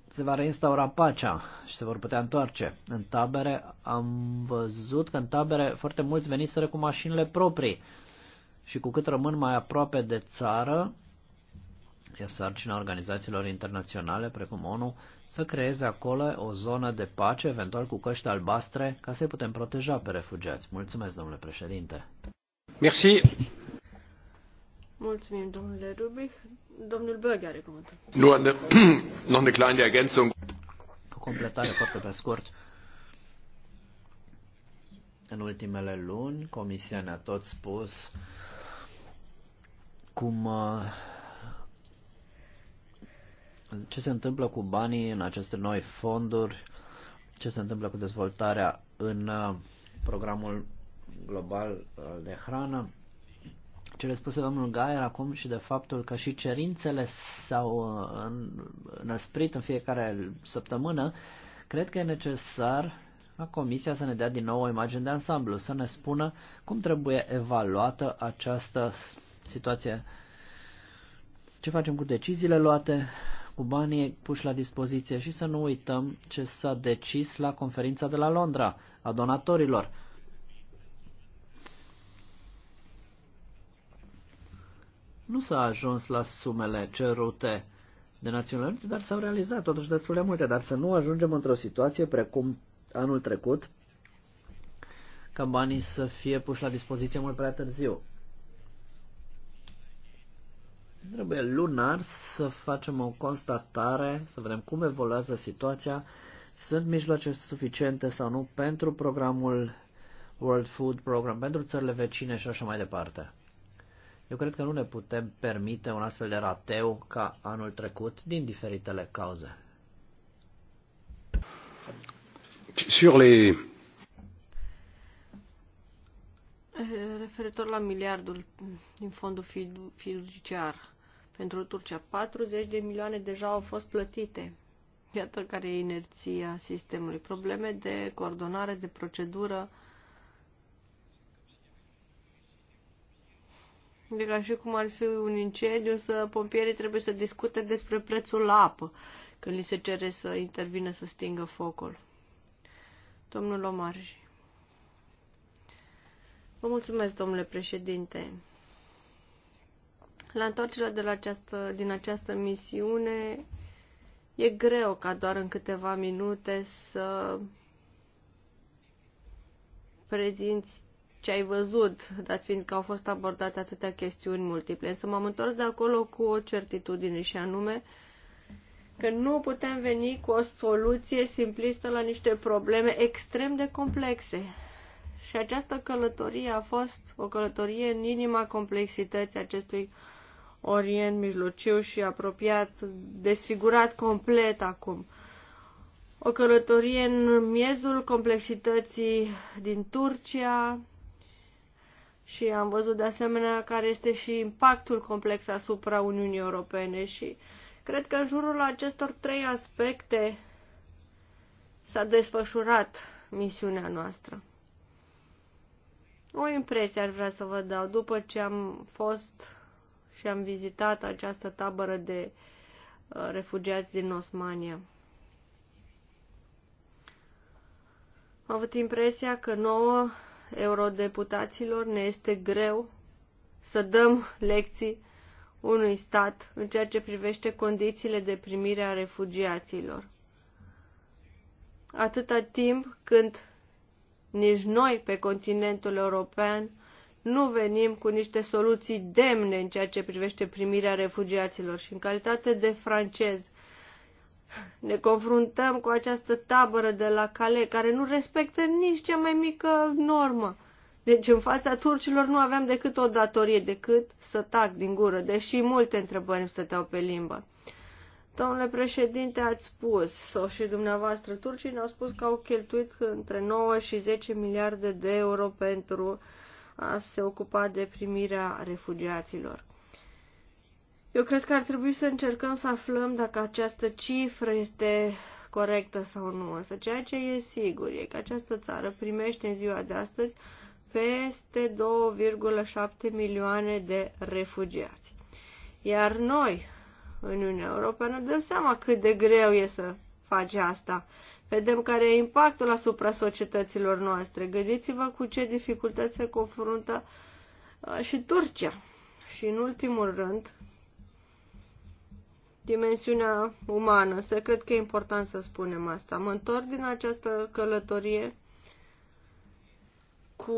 se va reinstaura pacea și se vor putea întoarce. În tabere am văzut că în tabere foarte mulți veniseră cu mașinile proprii și cu cât rămân mai aproape de țară, e sarcina organizațiilor internaționale, precum ONU, să creeze acolo o zonă de pace, eventual cu căști albastre, ca să-i putem proteja pe refugiați. Mulțumesc, domnule președinte. Merci. Mulțumim, domnule Rubic. Domnul Böge are cuvântul. Nu, noch O completare foarte pe scurt. În ultimele luni, Comisia ne-a tot spus cum uh, ce se întâmplă cu banii în aceste noi fonduri, ce se întâmplă cu dezvoltarea în uh, programul global uh, de hrană. ce le spuse domnul Gaier acum și de faptul că și cerințele s-au năsprit în fiecare săptămână, cred că e necesar ca Comisia să ne dea din nou o imagine de ansamblu, să ne spună cum trebuie evaluată această situația. Ce facem cu deciziile luate, cu banii puși la dispoziție și să nu uităm ce s-a decis la conferința de la Londra a donatorilor. Nu s-a ajuns la sumele cerute de Națiunile Unite, dar s-au realizat totuși destul de multe, dar să nu ajungem într-o situație precum anul trecut, ca banii să fie puși la dispoziție mult prea târziu. Trebuie lunar să facem o constatare, să vedem cum evoluează situația, sunt mijloace suficiente sau nu pentru programul World Food Program, pentru țările vecine și așa mai departe. Eu cred că nu ne putem permite un astfel de rateu ca anul trecut din diferitele cauze. Sur les... Eh, referitor la miliardul din fondul fiduciar, pentru Turcia. 40 de milioane deja au fost plătite. Iată care e inerția sistemului. Probleme de coordonare, de procedură. De ca și cum ar fi un incendiu, să pompierii trebuie să discute despre prețul la apă când li se cere să intervină să stingă focul. Domnul Omarji. Vă mulțumesc, domnule președinte. La întoarcerea de la această, din această misiune, e greu ca doar în câteva minute să prezinți ce ai văzut, dat fiind că au fost abordate atâtea chestiuni multiple. Însă m-am întors de acolo cu o certitudine și anume că nu putem veni cu o soluție simplistă la niște probleme extrem de complexe. Și această călătorie a fost o călătorie în inima complexității acestui uh, Orient Mijlociu și apropiat, desfigurat complet acum. O călătorie în miezul complexității din Turcia și am văzut de asemenea care este și impactul complex asupra Uniunii Europene și cred că în jurul acestor trei aspecte s-a desfășurat misiunea noastră. O impresie ar vrea să vă dau după ce am fost și am vizitat această tabără de uh, refugiați din Osmania. Am avut impresia că nouă eurodeputaților ne este greu să dăm lecții unui stat în ceea ce privește condițiile de primire a refugiaților. Atâta timp când nici noi pe continentul european nu venim cu niște soluții demne în ceea ce privește primirea refugiaților și în calitate de francez ne confruntăm cu această tabără de la Cale, care nu respectă nici cea mai mică normă. Deci în fața turcilor nu aveam decât o datorie, decât să tac din gură, deși multe întrebări îmi stăteau pe limbă. Domnule președinte, ați spus, sau și dumneavoastră, turcii ne-au spus că au cheltuit între 9 și 10 miliarde de euro pentru uh, a se ocupa de primirea refugiaților. Eu cred că ar trebui să încercăm să aflăm dacă această cifră este corectă sau nu, însă ceea ce e sigur e că această țară primește în ziua de astăzi peste 2,7 milioane de refugiați. Iar noi, în Uniunea Europeană, dăm seama cât de greu e să faci asta. Uh, Vedem care e impactul asupra societăților noastre. Gândiți-vă cu ce dificultăți se confruntă uh, și Turcia. Și în ultimul rând, dimensiunea umană. Să cred că e important să spunem asta. Mă întorc din această călătorie cu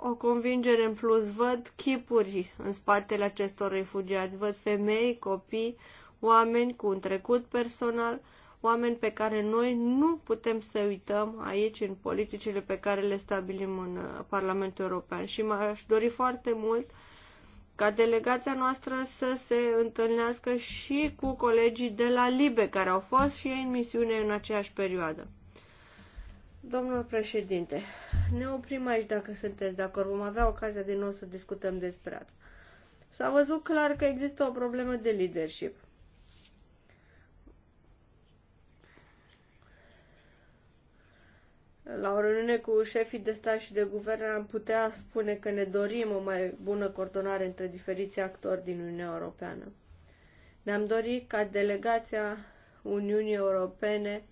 o convingere în plus. Văd chipuri în spatele acestor refugiați, văd femei, copii, oameni cu un trecut personal, oameni pe care noi nu putem să uităm aici în politicile pe care le stabilim în uh, Parlamentul European. Și m-aș dori foarte mult ca delegația noastră să se întâlnească și cu colegii de la Libe, care au fost și ei în misiune în aceeași perioadă. Domnul președinte, ne oprim aici dacă sunteți de acord. Vom avea ocazia din nou să discutăm despre asta. S-a văzut clar că există o problemă de leadership. La o reuniune cu șefii de stat și de guvern am putea spune că ne dorim o mai bună coordonare între diferiți actori din Uniunea Europeană. Ne-am dorit ca delegația Uniunii Europene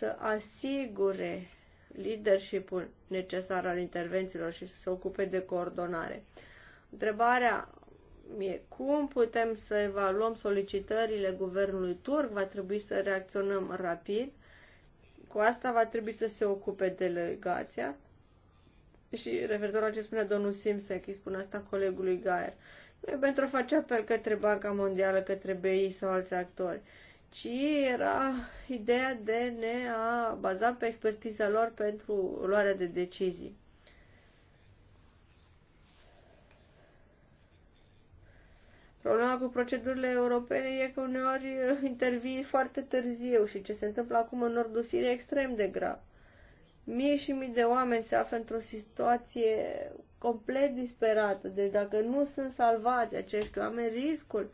să asigure leadership-ul necesar al intervențiilor și să se ocupe de coordonare. Întrebarea e cum putem să evaluăm solicitările guvernului turc, va trebui să reacționăm rapid, cu asta va trebui să se ocupe delegația și referitor la ce spunea domnul Simsek, îi spune asta colegului Gaer. Noi pentru a face apel către Banca Mondială, către BI sau alți actori ci era ideea de ne a baza pe expertiza lor pentru luarea de decizii. Problema cu procedurile europene e că uneori intervii foarte târziu și ce se întâmplă acum în nordul Siriei extrem de grav. Mii și mii de oameni se află într-o situație complet disperată. Deci dacă nu sunt salvați acești oameni, riscul uh,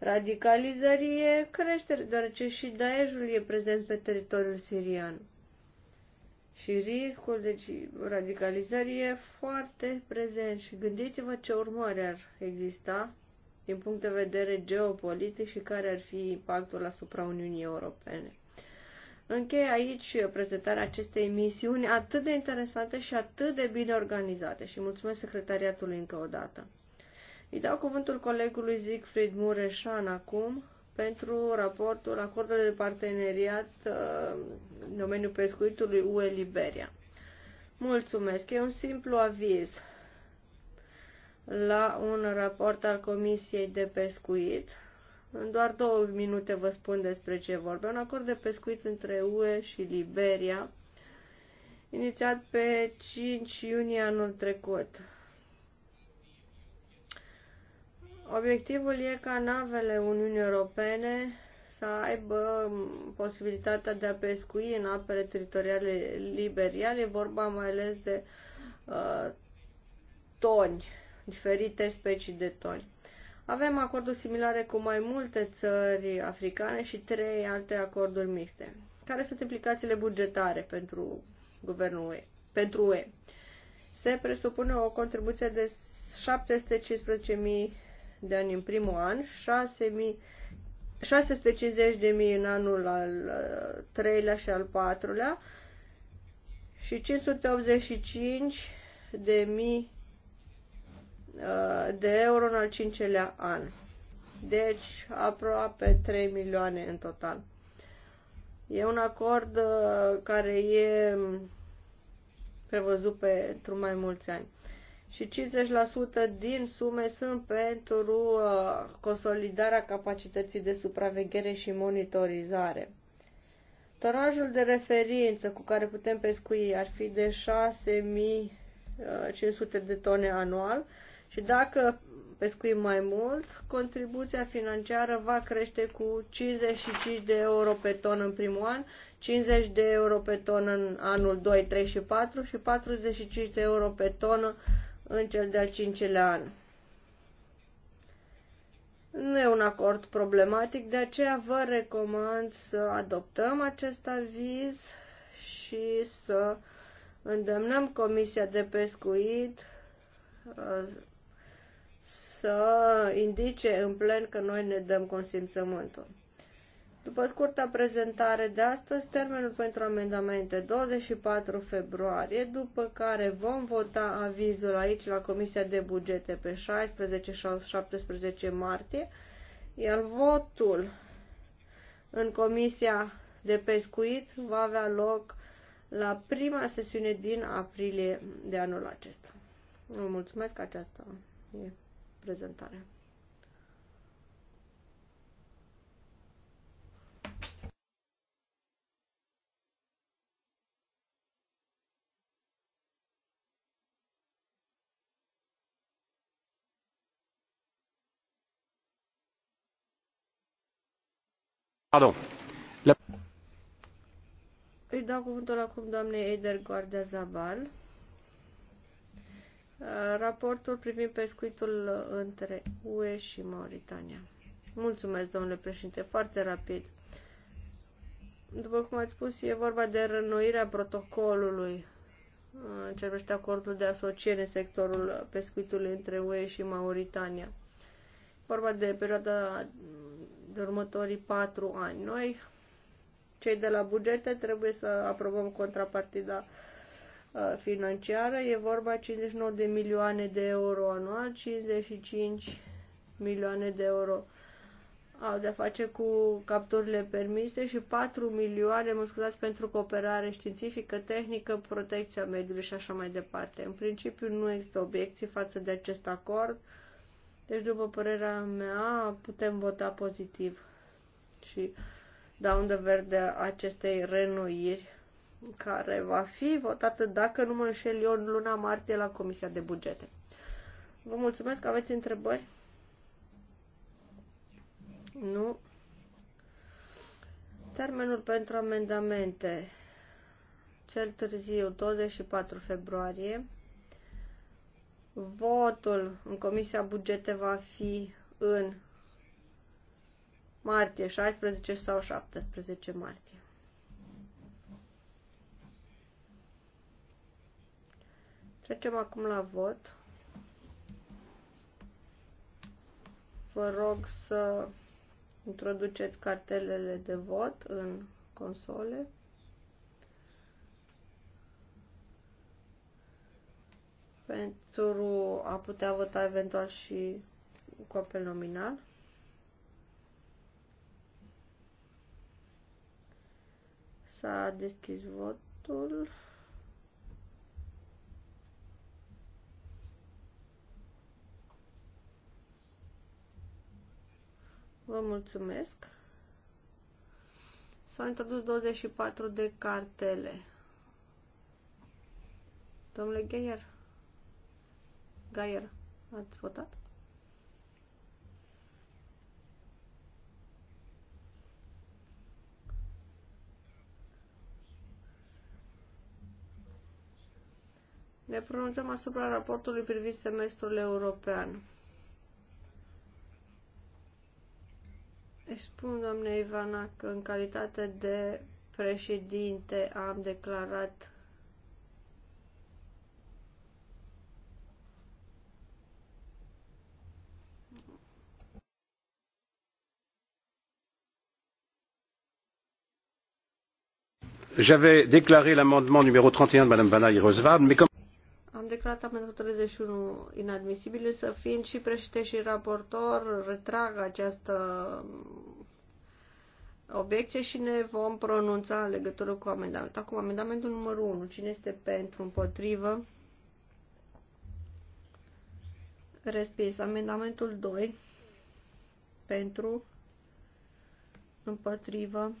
radicalizării e creștere, deoarece și Daeshul e prezent pe teritoriul sirian. Și riscul deci, radicalizării e foarte prezent și gândiți-vă ce urmări ar exista din punct de vedere geopolitic și care ar fi impactul asupra Uniunii Europene. Închei aici prezentarea acestei emisiuni atât de interesante și atât de bine organizate și mulțumesc secretariatului încă o dată. Îi dau cuvântul colegului Siegfried Mureșan acum pentru raportul acordului de parteneriat uh, în domeniul pescuitului UE Liberia. Mulțumesc, e un simplu aviz la un raport al Comisiei de Pescuit. În doar două minute vă spun despre ce vorbe. Un acord de pescuit între UE și Liberia, inițiat pe 5 iunie anul trecut. Obiectivul e ca navele Uniunii Europene să aibă posibilitatea de a pescui în apele teritoriale liberiale, e vorba mai ales de uh, toni, diferite specii de toni. Avem acorduri similare cu mai multe țări africane și trei alte acorduri mixte. Care sunt implicațiile bugetare pentru guvernul UE? Pentru UE. Se presupune o contribuție de 715.000 de ani în primul an, 650 de mii în anul al uh, treilea și al patrulea și 585 de mii uh, de euro în al cincelea an. Deci aproape 3 milioane în total. E un acord uh, care e mm, prevăzut pentru mai mulți ani și 50% din sume sunt pentru uh, consolidarea capacității de supraveghere și monitorizare. Tonajul de referință cu care putem pescui ar fi de 6500 de tone anual și dacă pescuim mai mult, contribuția financiară va crește cu 55 de euro pe ton în primul an, 50 de euro pe ton în anul 2, 3 și 4 și 45 de euro pe tonă în cel de-al cincilea an. Nu e un acord problematic, de aceea vă recomand să adoptăm acest aviz și să îndemnăm Comisia de Pescuit uh, să indice în plen că noi ne dăm consimțământul. După scurta prezentare de astăzi, termenul pentru amendamente 24 februarie, după care vom vota avizul aici la Comisia de Bugete pe 16 sau 17 martie, iar votul în Comisia de Pescuit va avea loc la prima sesiune din aprilie de anul acesta. Vă mulțumesc, aceasta e prezentarea. Pardon. Le... Îi dau cuvântul acum doamnei Eider Guardia Zabal. Uh, raportul privind pescuitul între UE și Mauritania. Mulțumesc, domnule președinte, foarte rapid. După cum ați spus, e vorba de rănuirea protocolului uh, în ce privește acordul de asociere în sectorul pescuitului între UE și Mauritania. Vorba de perioada de următorii patru ani. Noi, cei de la bugete, trebuie să aprobăm contrapartida uh, financiară. E vorba 59 de milioane de euro anual, 55 milioane de euro au de-a face cu capturile permise și 4 milioane, mă scuzați, pentru cooperare științifică, tehnică, protecția mediului și așa mai departe. În principiu nu există obiecții față de acest acord. Uh, deci, după părerea mea, putem vota pozitiv și da de verde acestei renoiri care va fi votată, dacă nu mă înșel eu, în luna martie la Comisia de Bugete. Vă mulțumesc că aveți întrebări. Nu. Termenul pentru amendamente. Cel târziu, 24 februarie. Votul în Comisia Bugete va fi în martie, 16 sau 17 martie. Trecem acum la vot. Vă rog să introduceți cartelele de vot în console. pentru a putea vota eventual și cu apel nominal. S-a deschis votul. Vă mulțumesc. S-au introdus 24 de cartele. Domnule Gheyer. Gaier, ați votat? Ne pronunțăm asupra raportului privind semestrul european. Îi spun, doamne Ivana, că în calitate de președinte am declarat j'avais déclaré l'amendement numéro 31 de Mme Vana irrevocable, mais comme... Am declarat amendamentul 31 inadmisibil, să fiind și președinte și raportor, retrag această um, obiecție și ne vom pronunța în legătură cu amendamentul. Acum, amendamentul numărul 1. Cine este pentru, împotrivă? Respins. Amendamentul 2. Pentru, împotrivă,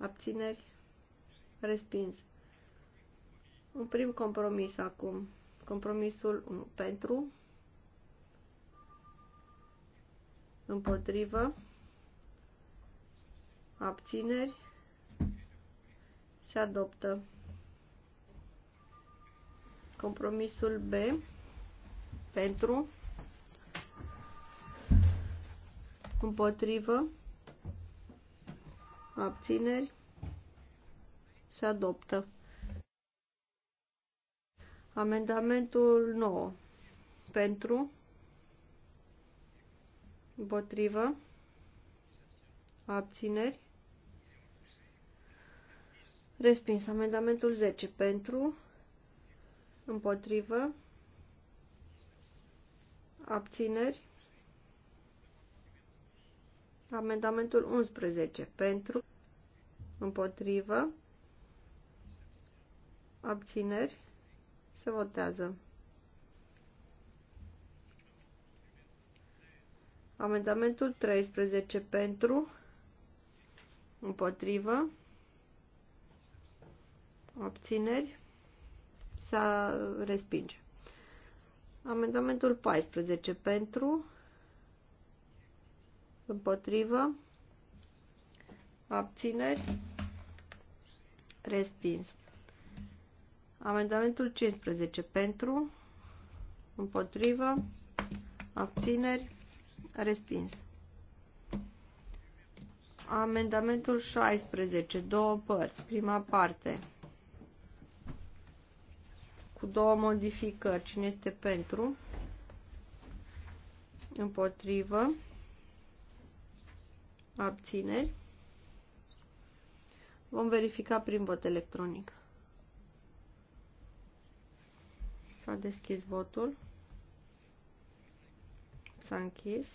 Abțineri? Respins. Un prim compromis acum. Compromisul 1 pentru. Împotrivă. Abțineri. Se adoptă. Compromisul B pentru. Împotrivă abțineri, se adoptă. Amendamentul 9. Pentru, împotrivă, abțineri, respins. Amendamentul 10. Pentru, împotrivă, abțineri, Amendamentul 11. Pentru, împotrivă, abțineri, se votează. Amendamentul 13 pentru, împotrivă, abțineri, se respinge. Amendamentul 14 pentru, împotrivă, Abțineri? Respins. Amendamentul 15 pentru, împotrivă, abțineri, respins. Amendamentul 16, două părți, prima parte, cu două modificări. Cine este pentru? Împotrivă, abțineri. Vom verifica prin vot electronic. S-a deschis votul. S-a închis.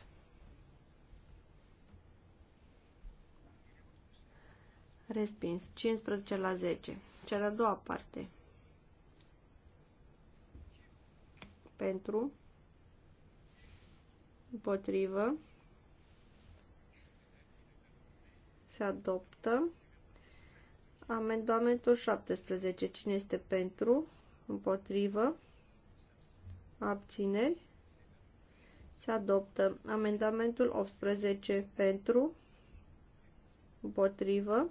Respins. 15 la 10. Cea de-a doua parte. Pentru. Împotrivă. Se adoptă. Amendamentul 17. Cine este pentru? Împotrivă? Abțineri? Se adoptă. Amendamentul 18. Pentru? Împotrivă?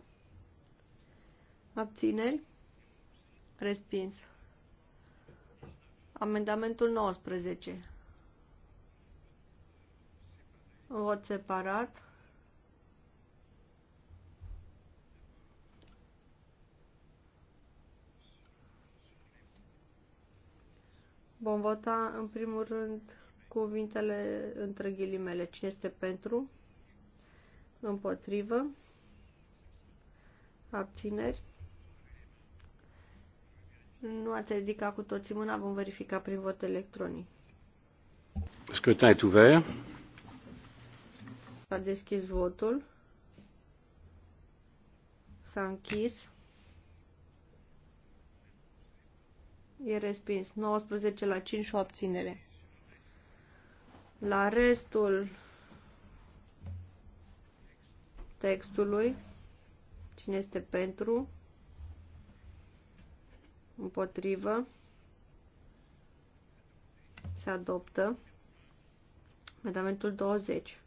Abțineri? Respins. Amendamentul 19. Vot separat. Vom vota în primul rând cuvintele între ghilimele. Cine este pentru? Împotrivă? Abțineri? Nu ați ridicat cu toții mâna, vom verifica prin vot electronic. Scrutin est ouvert. S-a deschis votul. S-a închis. E respins. 19 la 5 și o abținere. La restul textului, cine este pentru, împotrivă, se adoptă. Medamentul 20.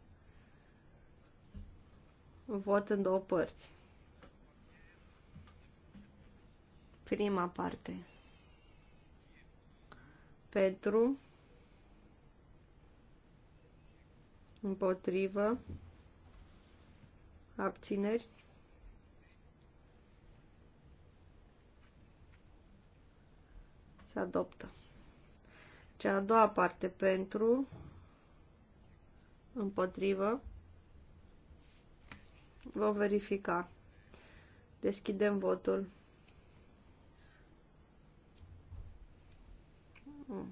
Vot în două părți. Prima parte pentru, împotrivă, abțineri. Se adoptă. Cea a doua parte pentru, împotrivă, vom verifica. Deschidem votul.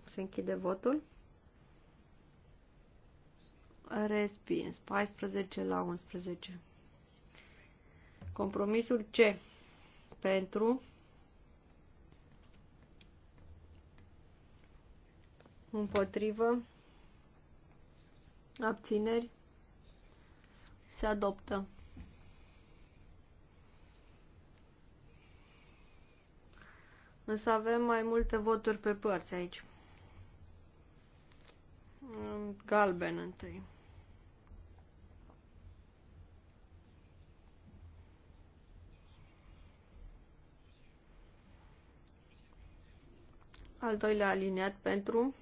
Se închide votul. Respins. 14 la 11. Compromisul C. Pentru. Împotrivă. Abțineri. Se adoptă. Însă avem mai multe voturi pe părți aici. Galben întâi. Al doilea aliniat pentru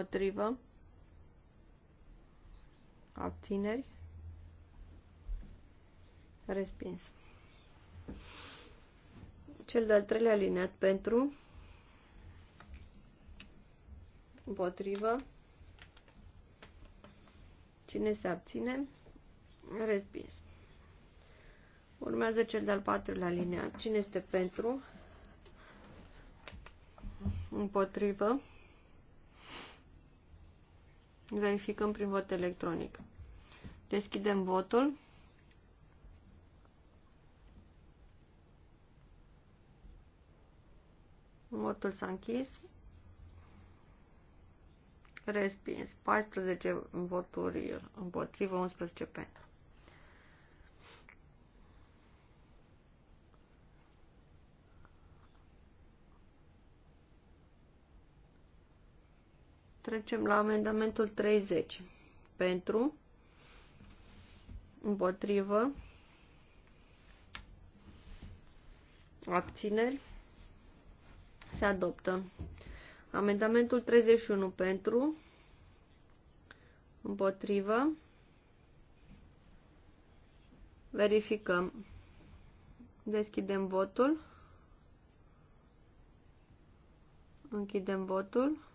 Împotrivă. Abțineri. Respins. Cel de-al treilea alineat pentru. Împotrivă. Cine se abține? Respins. Urmează cel de-al patrulea alineat. Cine este pentru? Împotrivă. Verificăm prin vot electronic. Deschidem votul. Votul s-a închis. Respins. 14 voturi împotrivă, 11 pentru. Trecem la amendamentul 30. Pentru, împotrivă, abțineri, se adoptă. Amendamentul 31 pentru, împotrivă, verificăm, deschidem votul, închidem votul.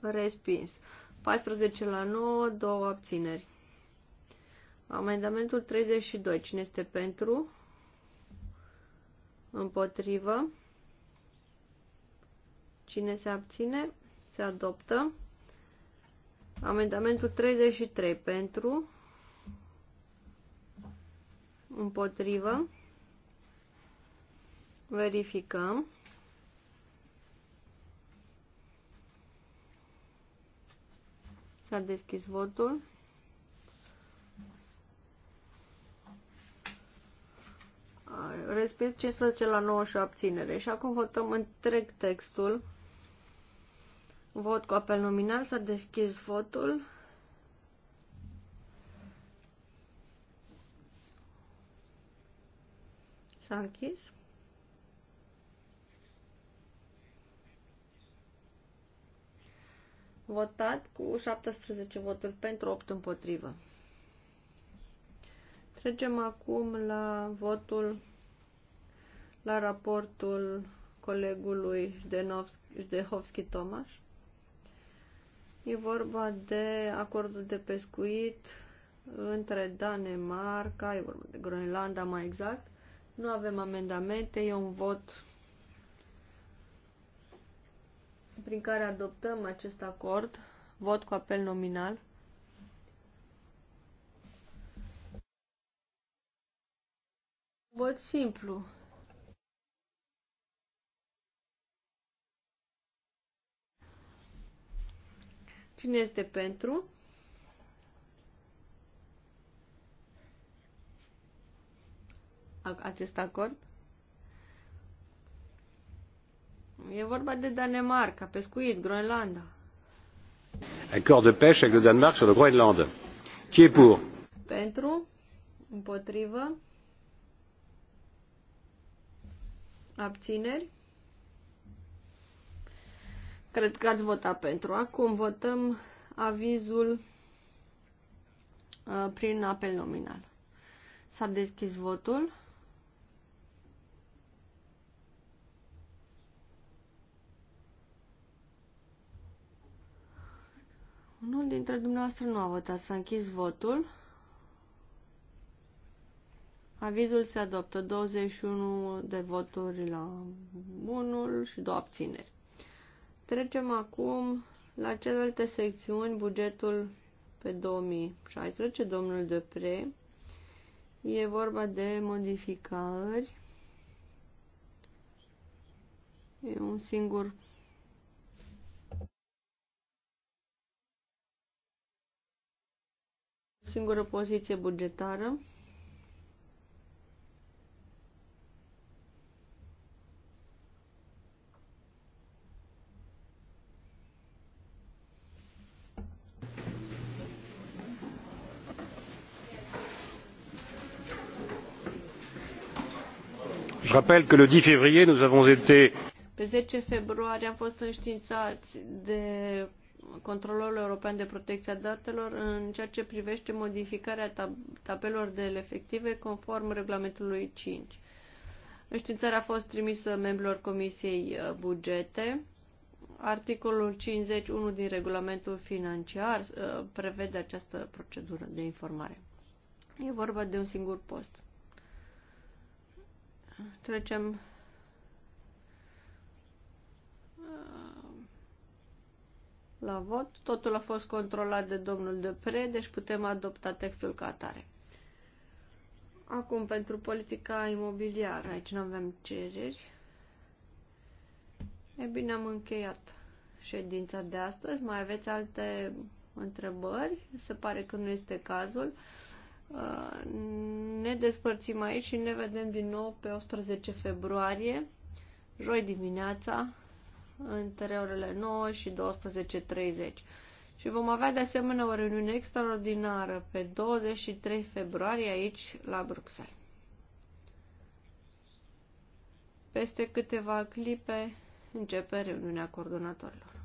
respins. 14 la 9, două abțineri. Amendamentul 32. Cine este pentru? Împotrivă. Cine se abține? Se adoptă. Amendamentul 33. Pentru. Împotrivă. Verificăm. S-a deschis votul. Respins 15 la 9 și abținere. Și acum votăm întreg textul. Vot cu apel nominal. S-a deschis votul. S-a închis. votat cu 17 voturi pentru 8 împotrivă. Trecem acum la votul la raportul colegului Jdehovski Tomaș. E vorba de acordul de pescuit între Danemarca, e vorba de Groenlanda mai exact. Nu avem amendamente, e un vot prin care adoptăm acest acord, vot cu apel nominal. Vot simplu. Cine este pentru? Acest acord? E vorba de Danemarca, pescuit, Groenlanda. Acord de pêche avec le Danemark sur le Groenland. Qui est pour? Pentru, împotrivă, abțineri. Cred că ați votat pentru. Acum votăm avizul uh, prin apel nominal. S-a deschis votul. Unul dintre dumneavoastră nu a votat. S-a închis votul. Avizul se adoptă 21 de voturi la bunul și două abțineri. Trecem acum la celelalte secțiuni, bugetul pe 2016, domnul Depre. E vorba de modificări. E un singur singură poziție bugetară. Je rappelle que le 10 février, nous avons été. Pe 10 februarie am fost înștiințați de Controlorul European de Protecție a Datelor în ceea ce privește modificarea tab- tabelor de efective conform regulamentului 5. Înștiințarea a fost trimisă membrilor Comisiei uh, Bugete. Articolul 51 din regulamentul financiar uh, prevede această procedură de informare. E vorba de un singur post. Trecem uh, la vot. Totul a fost controlat de domnul Depre, deci putem adopta textul ca atare. Acum, pentru politica imobiliară, aici nu avem cereri. E bine, am încheiat ședința de astăzi. Mai aveți alte întrebări? Se pare că nu este cazul. Uh, ne despărțim aici și ne vedem din nou pe 18 februarie, joi dimineața între orele 9 și 12.30. Și vom avea de asemenea o reuniune extraordinară pe 23 februarie aici la Bruxelles. Peste câteva clipe începe reuniunea coordonatorilor.